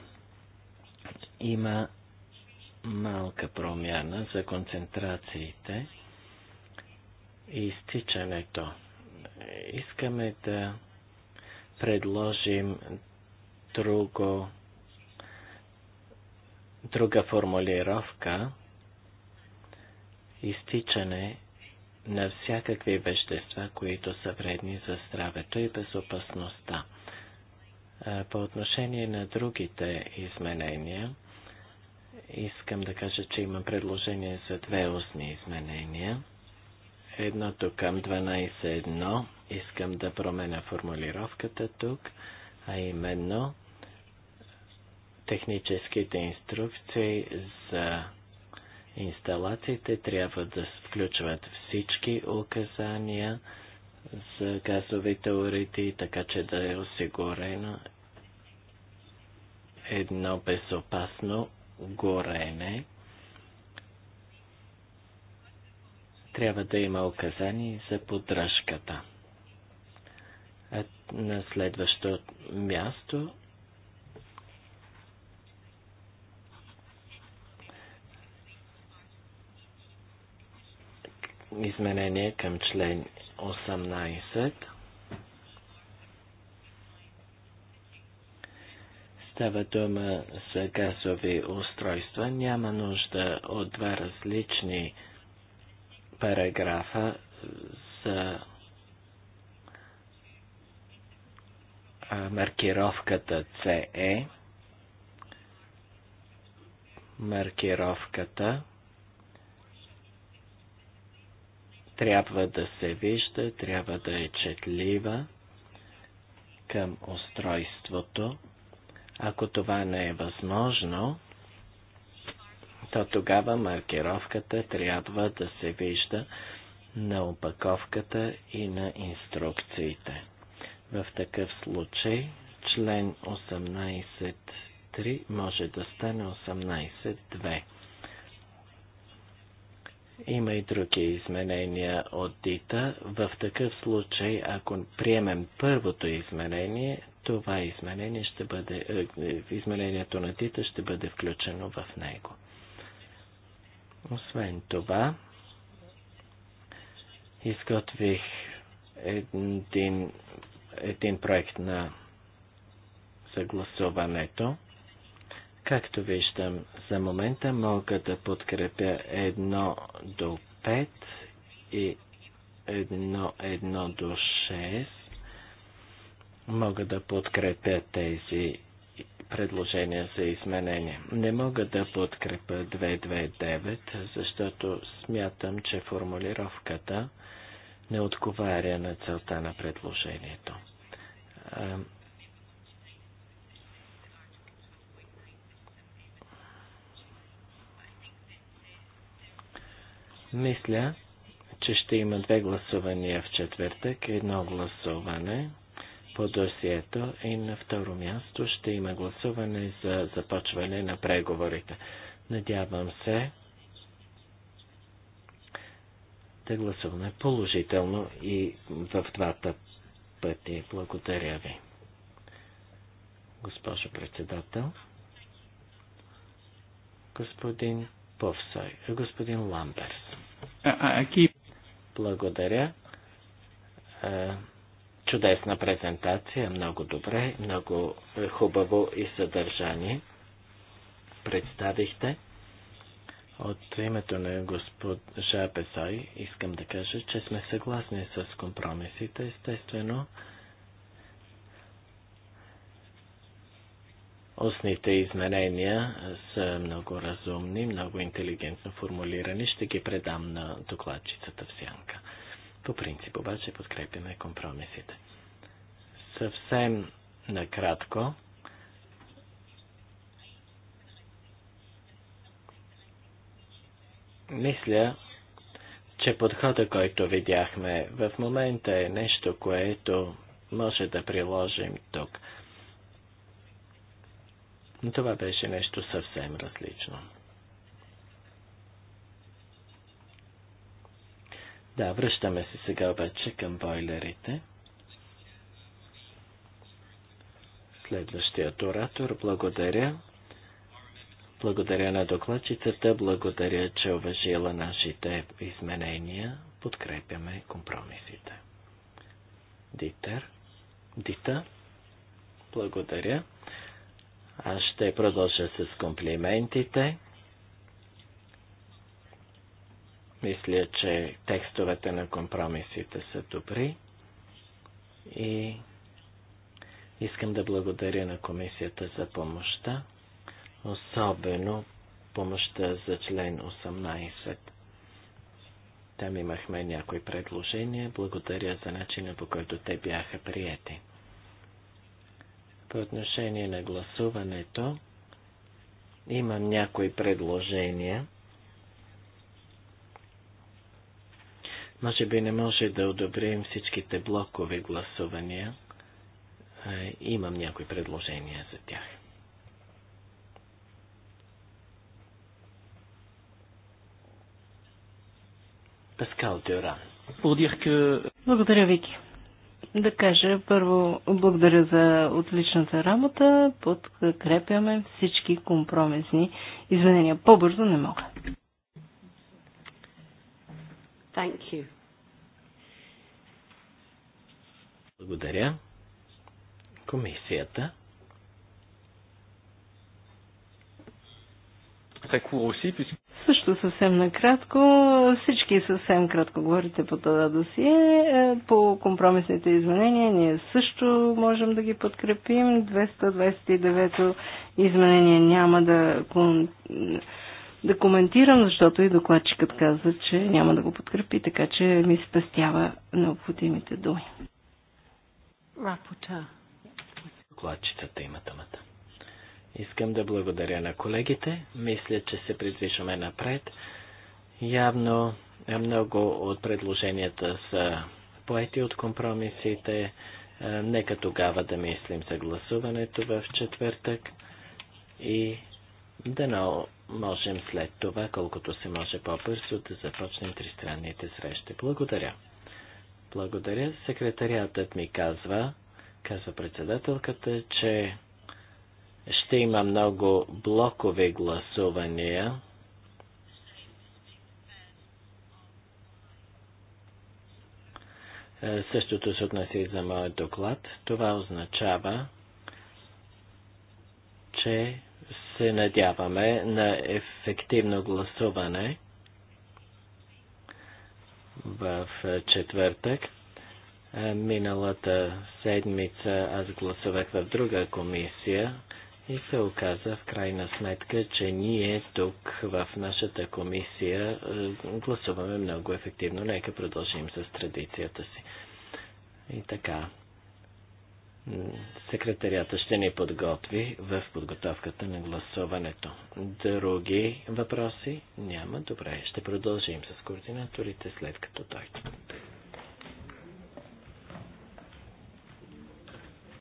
Има малка промяна за концентрациите и изтичането. Искаме да предложим друго, друга формулировка изтичане на всякакви вещества, които са вредни за здравето и безопасността. По отношение на другите изменения, искам да кажа, че имам предложение за две устни изменения едното към 12.1 искам да променя формулировката тук, а именно техническите инструкции за инсталациите трябва да включват всички указания за газовите уреди, така че да е осигурено едно безопасно горене трябва да има указания за поддръжката. А на следващо място изменение към член 18 става дума за газови устройства. Няма нужда от два различни параграфа за маркировката CE, маркировката трябва да се вижда, трябва да е четлива към устройството. Ако това не е възможно, то тогава маркировката трябва да се вижда на опаковката и на инструкциите. В такъв случай член 18.3 може да стане 18.2. Има и други изменения от ДИТА. В такъв случай, ако приемем първото изменение, това изменение ще бъде, е, е, изменението на ДИТА ще бъде включено в него. Освен това, изготвих един, един проект на съгласуването. Както виждам, за момента мога да подкрепя едно до 5 и едно, едно до 6. Мога да подкрепя тези предложения за изменение. Не мога да подкрепя 229, защото смятам, че формулировката не отговаря на целта на предложението. Мисля, че ще има две гласувания в четвъртък, едно гласуване – по досието и на второ място ще има гласуване за започване на преговорите. Надявам се да гласуваме положително и в двата пъти. Благодаря ви, госпожо председател. Господин Повсой, господин Ламберс. Благодаря Чудесна презентация, много добре, много хубаво и съдържание представихте. От името на господ Песой искам да кажа, че сме съгласни с компромисите, естествено. Устните изменения са много разумни, много интелигентно формулирани. Ще ги предам на докладчицата в сянка. По принцип обаче подкрепяме компромисите. Съвсем накратко, мисля, че подхода, който видяхме в момента е нещо, което може да приложим тук. Но това беше нещо съвсем различно. Да, връщаме се сега обаче към бойлерите. Следващият оратор, благодаря. Благодаря на докладчицата, благодаря, че уважила нашите изменения. Подкрепяме компромисите. Дитър. Дита. Благодаря. Аз ще продължа с комплиментите. Мисля, че текстовете на компромисите са добри и искам да благодаря на комисията за помощта, особено помощта за член 18. Там имахме някои предложения. Благодаря за начина по който те бяха приети. По отношение на гласуването, имам някои предложения Може би не може да одобрим всичките блокови гласувания. Е, имам някои предложения за тях. Паскал Дюран. Благодаря, Вики. Да кажа, първо, благодаря за отличната работа. Подкрепяме всички компромисни извинения. По-бързо не мога. Thank you. Благодаря. Комисията. Също съвсем накратко. Всички съвсем кратко говорите по това досие. Е, по компромисните изменения ние също можем да ги подкрепим. 229 изменение няма да да коментирам, защото и докладчикът каза, че няма да го подкрепи, така че ми спестява необходимите думи. Рапорта. Докладчицата има тъмата. Искам да благодаря на колегите. Мисля, че се придвижваме напред. Явно е много от предложенията са поети от компромисите. Е, нека тогава да мислим за гласуването в четвъртък и да на можем след това, колкото се може по-бързо, да започнем тристранните срещи. Благодаря. Благодаря. Секретариатът ми казва, казва председателката, че ще има много блокови гласувания. Е, същото се отнася и за моят доклад. Това означава, че се надяваме на ефективно гласуване в четвъртък. Миналата седмица аз гласувах в друга комисия и се оказа в крайна сметка, че ние тук в нашата комисия гласуваме много ефективно. Нека продължим с традицията си. И така секретарията ще ни подготви в подготовката на гласуването. Други въпроси няма. Добре, ще продължим с координаторите след като дойдат.